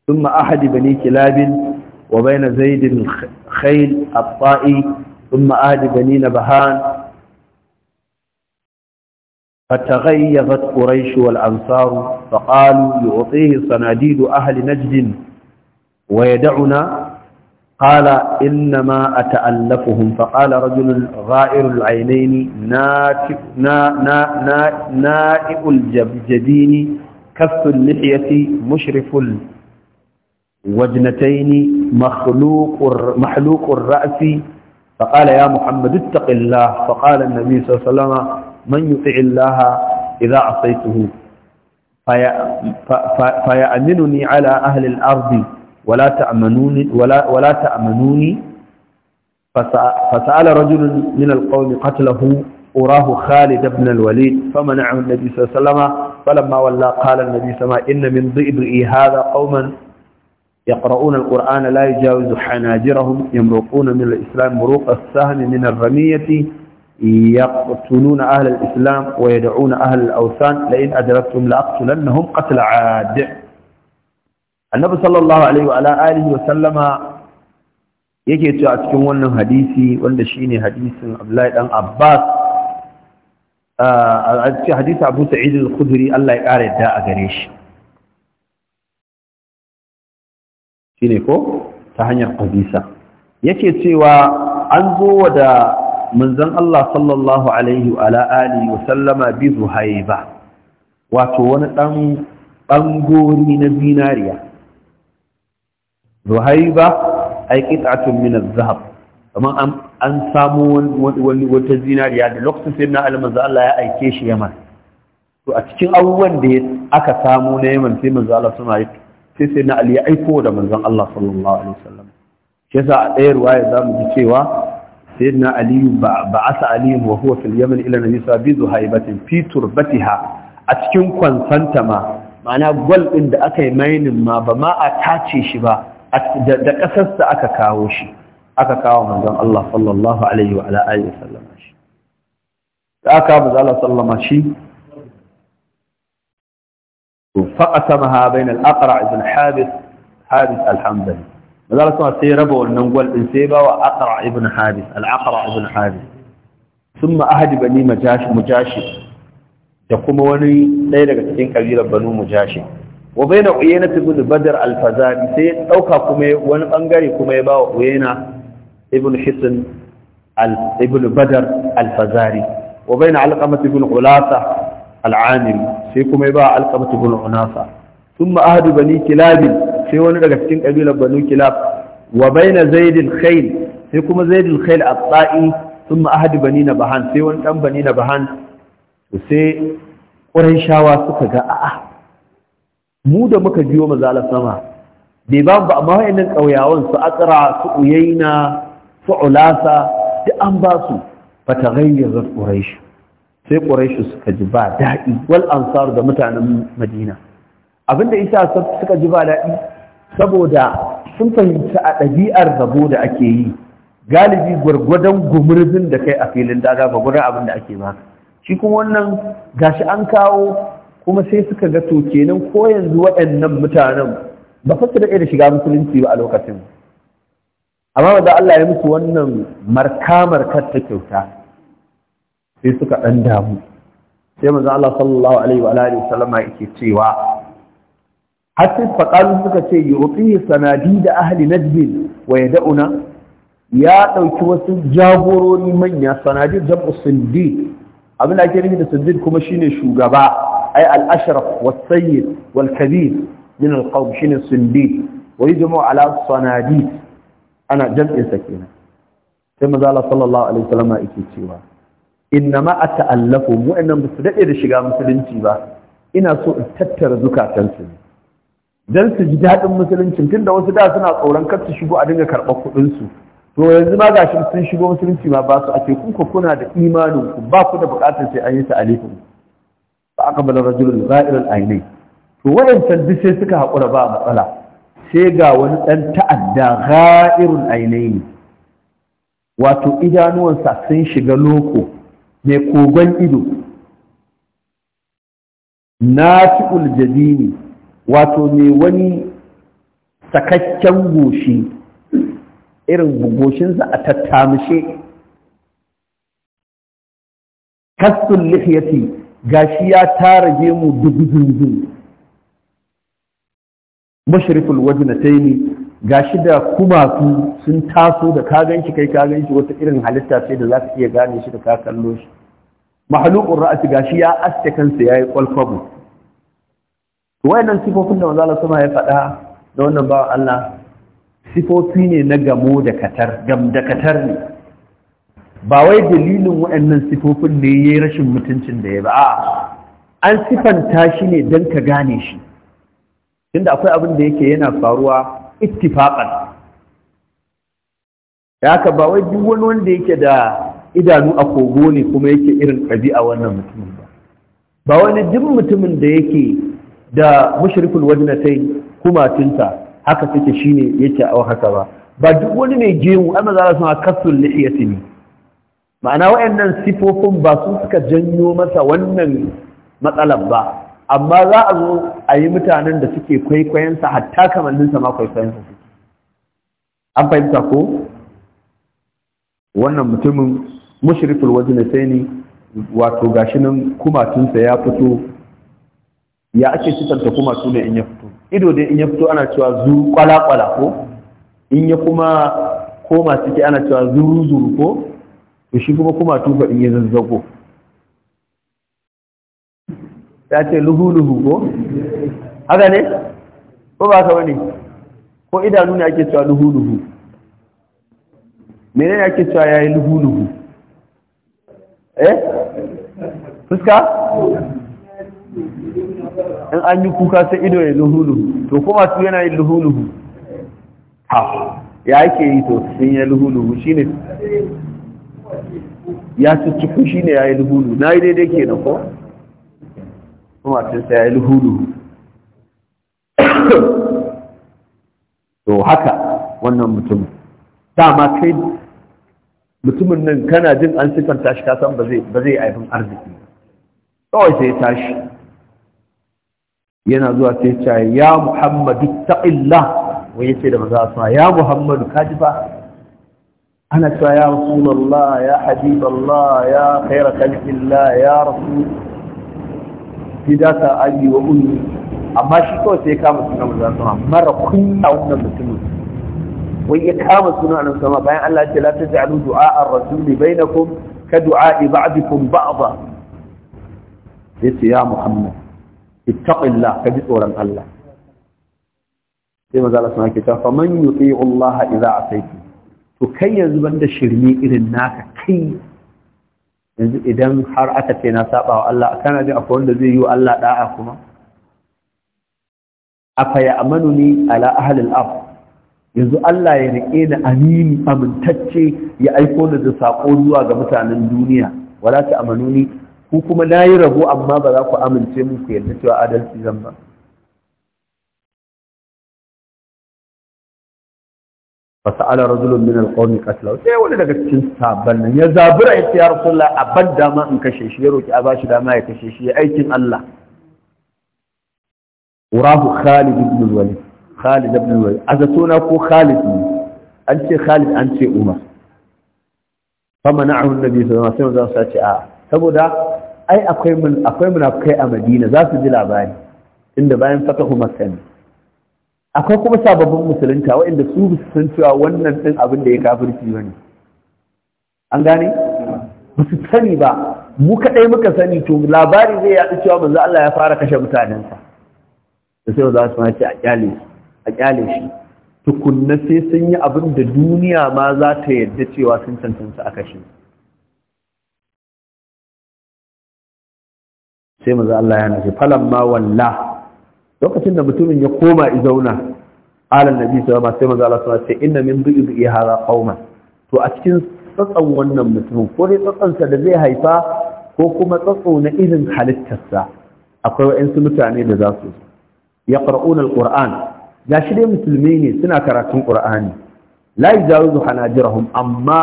ثم أحد بني كلاب وبين زيد الخيل الطائي ثم آل بني نبهان فتغيظت قريش والأنصار فقالوا يعطيه صناديد أهل نجد ويدعنا قال إنما أتألفهم فقال رجل غائر العينين نائب نا نا الجبجدين كف اللحية مشرف وجنتين مخلوق محلوق الرأس فقال يا محمد اتق الله فقال النبي صلى الله عليه وسلم من يطع الله إذا عصيته فيأمنني على أهل الأرض ولا تأمنوني ولا ولا تأمنوني فسأل رجل من القوم قتله أراه خالد بن الوليد فمنعه النبي صلى الله عليه وسلم فلما ولى قال النبي صلى الله عليه وسلم إن من ضئبئي هذا قوما يقرؤون القرآن لا يجاوز حناجرهم يمرقون من الإسلام مروق السهم من الرمية يقتلون أهل الإسلام ويدعون أهل الأوثان لئن أدركتم لأقتلنهم قتل عاد النبي صلى الله عليه وعلى آله وسلم yake cewa a cikin wannan hadisi wanda shine hadisin Abdullahi dan Abbas a cikin hadisi Abu Sa'id al-Khudri Allah ya kare da a gare shi shine ko ta hanyar qabisa yake cewa an zo da manzon Allah sallallahu alaihi wa alihi wa sallama bi zuhaiba wato wani dan bangori na zinariya zuhaiba ai qit'atun min az-zahab kamar an an samu wani wata zinariya da lokacin sayyidina al-manzo Allah ya aike shi Yaman to a cikin abubuwan da aka samu na Yaman sai manzo Allah suna yi sai sai na ali ya aiko da manzon Allah sallallahu alaihi wasallam shi yasa a ɗaya ruwaya za mu ji cewa sayyidina ali ba'asa ali wa huwa fil yaman ila nabi sa bi zuhaibatin fi turbatiha a cikin kwansanta ma ma'ana gwal ɗin da aka yi mainin ma ba ma a tace shi ba da ƙasarsa aka kawo shi aka kawo manzon Allah sallallahu alaihi wa alihi wa shi da aka bu Allah sallama shi فقسمها بين الأقرع بن حابس حابس الحنبلي ماذا سمع سيربه والنقول إنسيبه وأقرع ابن حابس الأقرع ابن حابس ثم أهد بني مجاش مجاشي تقوم وني ليلة كتين كبيرة بنو مجاشي وبين عيينة بن بدر الفزاري سيد أوكا كمي ونبنغري كمي باو عيينة ابن حسن ابن بدر الفزاري وبين علقمة بن غلاثة العامري sai kuma ya ba alqamatu bin unasa thumma ahadu bani kilabi sai wani daga cikin kabilar banu kilab wa baina zaidil khayl sai kuma zaidil khayl at-ta'i thumma ahadu bani bahan. sai wani dan bani nabahan sai shawa suka ga a'a mu da muka biyo mazala sama bai ba ba amma wayannan su asara, su uyaina su ulasa duk an ba su fataghayyazat quraish sai quraishu suka ji ba daɗi wal ansar da mutanen madina abinda isa suka ji ba daɗi saboda sun fahimci a ɗabi'ar rabo da ake yi galibi gwargwadon gumurzin da kai a filin daga gwargwadon abin da ake ba. shi kuma wannan gashi an kawo kuma sai suka ga to kenan ko yanzu waɗannan mutanen ba fa da da shiga musulunci ba a lokacin amma da Allah ya muku wannan markamar ta kyauta sai suka ɗan damu sai maza Allah sallallahu alaihi wa alihi wasallama yake cewa hatta faqalu suka ce yi yuti sanadi da ahli jibin, waya dauna. ya ɗauki wasu jagorori manya sanadi jam'u sindi abin da ake nufi da sindi kuma shine shugaba ai al wa was-sayyid wal-kabir min al-qawm shine sindi wa yajma'u ala sanadi ana jam'in kenan. sai maza Allah sallallahu alaihi wasallama yake cewa inna ma a ta'allafu wa'annan ba su daɗe da shiga musulunci ba ina so in tattara zukatansu ne don su ji daɗin musuluncin tun da wasu da suna tsoron kar su shigo a dinga karɓar kuɗinsu to yanzu ma gashi sun shigo musulunci ma ba su ake kuka kuna da imanin ku ba ku da buƙatar sai an yi ta alifin ba aka bala rajulun za'irar ainihi to waɗancan duk sai suka haƙura ba matsala sai ga wani ɗan ta'adda ga'irul ne. wato idanuwansa sun shiga loko mai kogon ido Na nafi'ul ne wato mai wani sakakken goshi irin goshinsa a tattamushe kastun lihiyati gashi ya tara gemu dubu zunzun mushriful wajnataini gashi da kumatu sun taso da ka shi kai ka shi wata irin halitta sai da za ka iya gane shi da ka kallo shi mahalukun ra'asi gashi ya aske kansa ya yi yayi kwalkwabo nan sifofin da manzo sama ya faɗa da wannan bawan Allah sifofi ne na gamo da katar gam da katar ne ba wai dalilin wayannan sifofin ne yi rashin mutuncin da ya ba a'a an sifanta shi ne don ka gane shi tunda akwai abin da yake yana faruwa ittifaqan ya ka ba wai duk wani wanda yake da idanu a kogo ne kuma yake irin ɗabi'a wannan mutumin ba ba wani duk mutumin da yake da mushrikul wajnatai kumatunta haka take shine yake a haka ba ba duk wani mai gemu amma za su ha kasul lihiyati ne ma'ana waɗannan sifofin ba su suka janyo masa wannan matsalar ba amma za a zo a yi mutanen da suke kwaikwayensa hatta kamanninsa ma kwaikwayensa suke an fahimta ko wannan mutumin waje wajen sai ne wato gashi nan kumatunsa ya fito ya ake sitanta kumatu ne in ya fito ido dai in ya fito ana cewa zuru kwala-kwala ko in ya kuma koma ciki ana cewa zuru zuru ko to shi kuma kumatu in ya zazzago ta ce luhu-luhu ko? haka ne? ko ba ka wani ko idanu ne ake cewa luhu-luhu mene ne ake cewa yayi luhuluhu luhu-luhu eh? fuska? in an yi kuka sai ido ya luhu-luhu to kuma su yana yin luhu-luhu ha ya ake yi to sun yi luhu-luhu shi ne ya cikin shi ne ya yi luhu-luhu na yi daidai ke na ko? kumatinsa ya yi luhudu to haka wannan mutum dama kai mutumin nan kana jin an siffanta shi kasan ba zai aifin arziki kawai sai tashi yana zuwa sai ce ya muhammadu ta'illah wai yace da maza ya muhammadu kaji fa ana cewa ya rasulallah, ya habiballah ya khaira khalqillah ya rasul sai da sa abi wa ummi amma shi kawai sai ya kama sunan manzon sama mara kunya wannan mutumin wai ya kama suna annabi sama bayan Allah ya ce la taj'alu du'a ar-rasul bainakum ka du'a ba'dikum ba'dha yace ya muhammad ittaqillah ka ji tsoron Allah sai maza Allah sama ke ta faman yuti'u Allah idza asaitu to kai yanzu banda shirme irin naka kai yanzu idan har aka ce na saba wa Allah kana jin akwai wanda zai yi wa Allah da'a kuma afa ya amanuni ala ahlil af yanzu Allah ya rike ni amini amintacce ya aiko ni da sako zuwa ga mutanen duniya wala ta amanuni ku kuma nayi rabo amma ba za ku amince mu ku yarda cewa adalci zan ba fasa'ala rajulun min alqawmi qatlahu sai wani daga cikin sabban nan ya zabura ya ce ya rasulullah a ban dama in kashe shi ya roki a bashi dama ya kashe shi ya aikin Allah urahu Khalid ibn Walid Khalid ibn Walid azatuna ko Khalid ne an ce Khalid an ce Umar fama na'ahu annabi sallallahu alaihi wasallam sai ce a saboda ai akwai mun akwai munafikai a Madina za su ji labari inda bayan fatahu Makkah akwai kuma sababbin musulunta waɗanda su san cewa wannan ɗin abin da ya kafirci ba ne an gane ba su sani ba mu kaɗai muka sani to labari zai yaɗu cewa manzo Allah ya fara kashe mutanensa da sai za su ma ce a kyale a kyale shi tukunna sai sun yi abin da duniya ma za ta yarda cewa sun cancanta a kashe sai manzo Allah ya nace, falan ma wallah lokacin da mutumin ya koma izauna zauna alan nabi sallallahu sai manzo Allah sallallahu alaihi inna min bi'i hara kauma, to a cikin tsatsan wannan mutumin ko dai tsatsansa da zai haifa ko kuma tsatso na irin halittarsa akwai wa'insu mutane da za su yaqra'una alquran ga shi dai musulmi ne suna karatun qur'ani la hana hanajirahum amma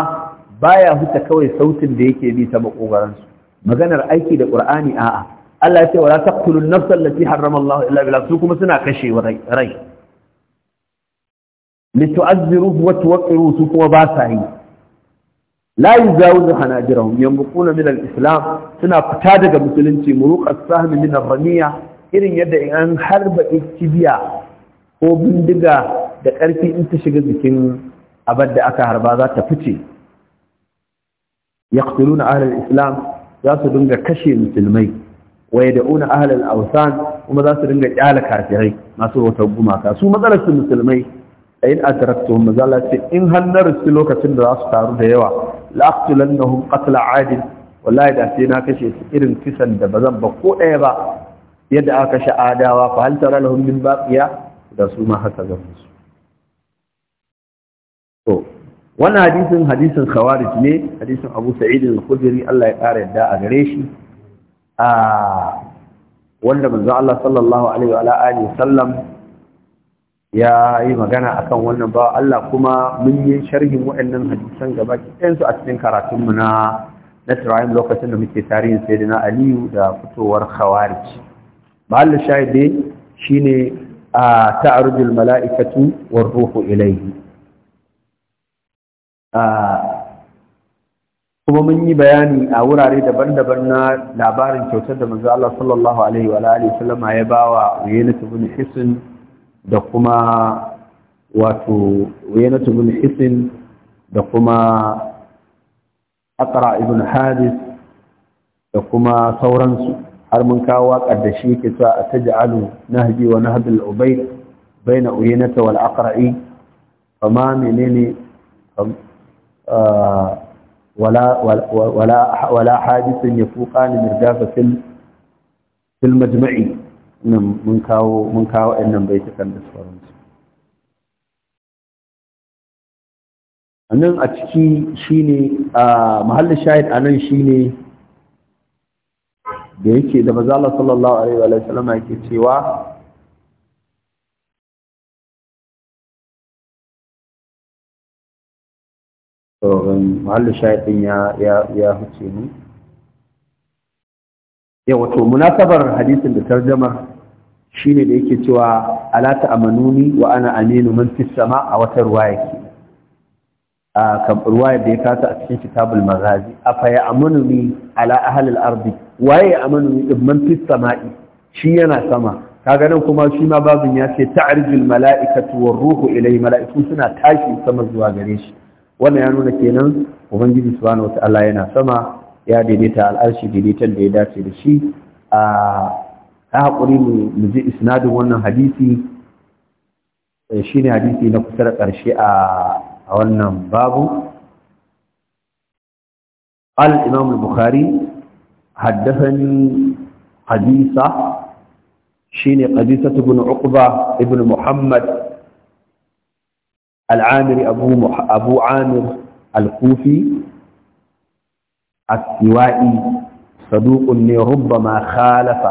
baya huta kawai sautin da yake bi ta makogaransu maganar aiki da qur'ani a'a Allah ya ce wala taqtulun nafsa allati harrama Allah illa billah su kuma suna kashe rai litu'azziru wa tuqiru su kuma ba sa yi la yuzawu hanajirahum yamquna min al-islam suna fita daga musulunci muruqas sahmi min ar-ramiya irin yadda in an harba kibiya ko bindiga da ƙarfi in ta shiga jikin abada da aka harba za ta fice yaqtuluna ahlal islam za su dinga kashe musulmai da una ahalin Ausan kuma za su dinga kyala kafirai masu wata gumaka su matsalar su musulmai ayin atraktuhum mazala ce in hannar su lokacin da za su taru da yawa laqtulannahum qatla adil wallahi da sai na kashe su irin kisan da bazan ba ko ɗaya ba yadda aka sha adawa fa hal tara lahum min baqiya da su ma haka zan su to wannan hadisin hadisin khawarij ne hadisin Abu Sa'id al-Khudri Allah ya kare yadda a gare shi wanda manzo Allah sallallahu alaihi wa alihi sallam ya yi magana akan wannan ba Allah kuma mun yi sharhin waɗannan hadisan gaba ɗayan su a cikin karatun mu na na tarihin lokacin da muke tarihin Sayyidina Aliyu da fitowar Khawarij mahallin shahidi shine a ta'arujul mala'ikatu war ruhu ilayhi kuma mun yi bayani a wurare daban-daban na labarin kyautar da manzo Allah sallallahu alaihi wa alihi sallama ya bawa Uyaynatu bin Hisn da kuma wato Uyaynatu bin Hisn da kuma Aqra ibn Hadis da kuma sauransu har mun kawo waƙar da shi yake cewa ataj'alu nahji wa nahdul ubayd baina Uyaynata wal Aqra'i fama menene ah, Wala ولا ya fuka ni مرداف في في المجمع من كاو bai كاو ان بيتكن دسورن anan a ciki shine a mahallin shahid anan shine da yake da manzo Allah sallallahu alaihi wa sallama yake cewa sauran um, mahallin shahidin ya ya huce mu ya wato munasabar hadisin da shi ne da yake cewa ala ta'amanuni wa ana aminu man fis sama a wata ruwaya ke a ruwaya da ya kasa a cikin kitabul maghazi A ya amanuni ala ahli ardi waye ya amanuni din man fis sama'i shi yana sama kaga nan kuma shi ma babin ya ce ta'rijul mala'ikatu war ruhu ilai mala'iku suna tashi sama zuwa gare shi wannan ya nuna kenan ubangiji subhanahu wata'ala yana sama ya daidaita al'arshi daidaitar da ya dace da shi a ta haƙuri mu ji isnadin wannan hadisi eh, shine hadisi na kusa da ƙarshe a wannan babu al-imam al-bukhari haddathani hadisa shine qadisatu ibn uqba ibn muhammad العامري أبو, مح... أبو عامر الكوفي السوائي صدوق ربما خالف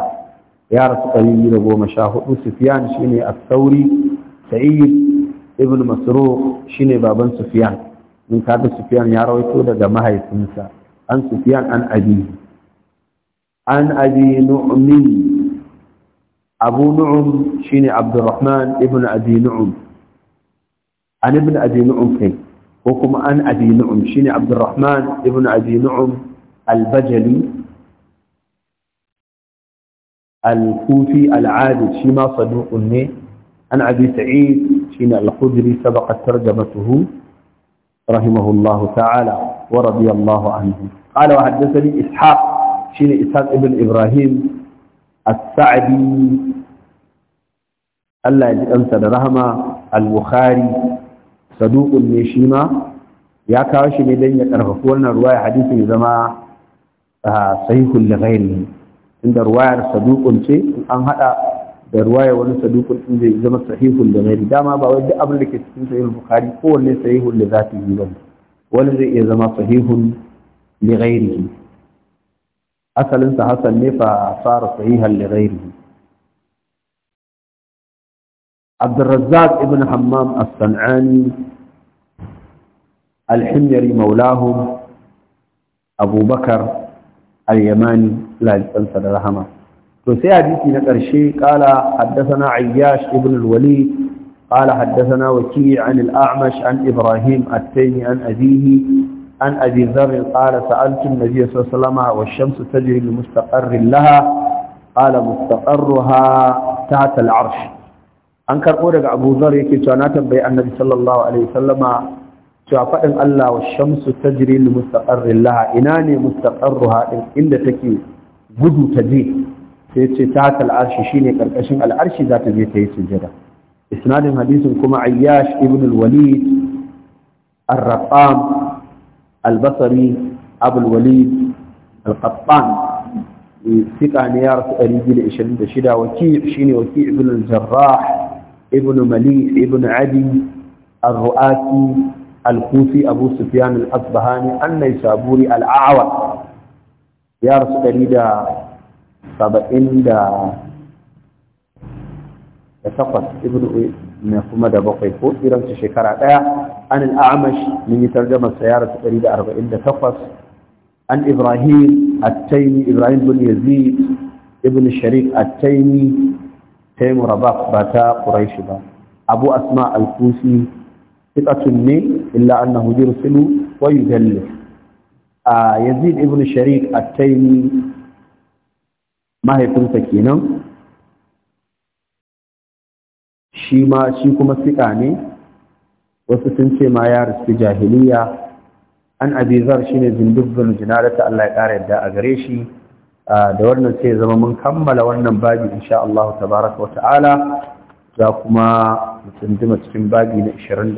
يا رسول الله أبو مشاهد سفيان شيني الثوري سعيد ابن مسروق شيني بابن سفيان من كاد سفيان يا رويتو دقا مهي سنسا عن سفيان عن ابي عن أبي نعم أبو نعم شيني عبد الرحمن ابن أبي نعم عن ابن أبي نعم كي وكم عن أبي نعم شيني عبد الرحمن ابن أبي نعم البجلي الكوفي العادل شيما صدوق أني عن أبي سعيد شيني الخدري سبقت ترجمته رحمه الله تعالى ورضي الله عنه قال وحدثني إسحاق شيني إسحاق ابن إبراهيم السعدي الله يجي أنسى البخاري saduqun ne shi ma ya kawo shi ne don ya karfafi wannan ruwaya hadisi ya zama sahihul lighairi inda ruwayar saduqun ce an haɗa da ruwaya wani saduqun din zai zama sahihul lighairi dama ba wai duk abin da ke cikin sahihul bukhari kowanne sahihul li yi ba wani zai iya zama sahihun li ghairihi asalin sa hasan ne fa fara sahihan li عبد الرزاق ابن حمام الصنعاني الحميري مولاهم أبو بكر اليماني لا يستنسى رحمه فسي حديثي نقرشي قال حدثنا عياش ابن الوليد قال حدثنا وكيع عن الأعمش عن إبراهيم التيمي عن أبيه عن أبي ذر قال سألت النبي صلى الله عليه وسلم والشمس تجري لمستقر لها قال مستقرها تحت العرش an karɓo daga abu zar yake cewa na tambayi annabi sallallahu alaihi sallama cewa fadin Allah wa shamsu tajri li mustaqarrin laha ina ne mustaqarruha din inda take gudu ta je sai ce ta haka al'arshi shine karkashin al'arshi za ta je ta yi sujada isnadin hadisin kuma ayyash ibn al-walid ar-raqam al-basri abu al-walid al-qattan ثقة نيارة أريد الإشرين دشدا وكيع شيني وكيع بن الجراح ابن ملي ابن عدي الرؤاتي الكوفي ابو سفيان الاصبهاني النيسابوري الاعور يا رسول الله دا طب عند تفقد ابن من كما دا بقي كو ايران شي شكرا الاعمش من ترجمه سياره تريد 40 تفقد عن ابراهيم التيمي ابراهيم بن يزيد ابن الشريف التيمي taimu rabaf ba ta shi ba abu asma al fitatun ne illa annahu yursilu wa yudallif a yazid ibn sharik at-taymi mahaifinsa kenan shi ma shi kuma siƙa ne wasu sun ce ma ya rasu jahiliya an abizar shi ne zindubbin jinada ta Allah ya ƙara yadda a gare shi Ah, da wannan sai zama mun kammala wannan babi insha Allah tabaraka wa ta'ala za kuma tsindima cikin babi na 24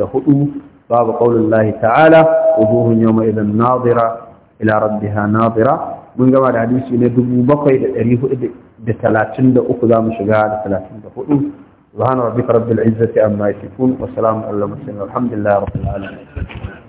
babu qaulin ta'ala wujuhun yawma idan nadira ila rabbiha nadira mun gama da hadisi na 7433 za mu shiga da 34 سبحان ربك رب العزة amma يشكون والسلام على المرسلين والحمد لله رب العالمين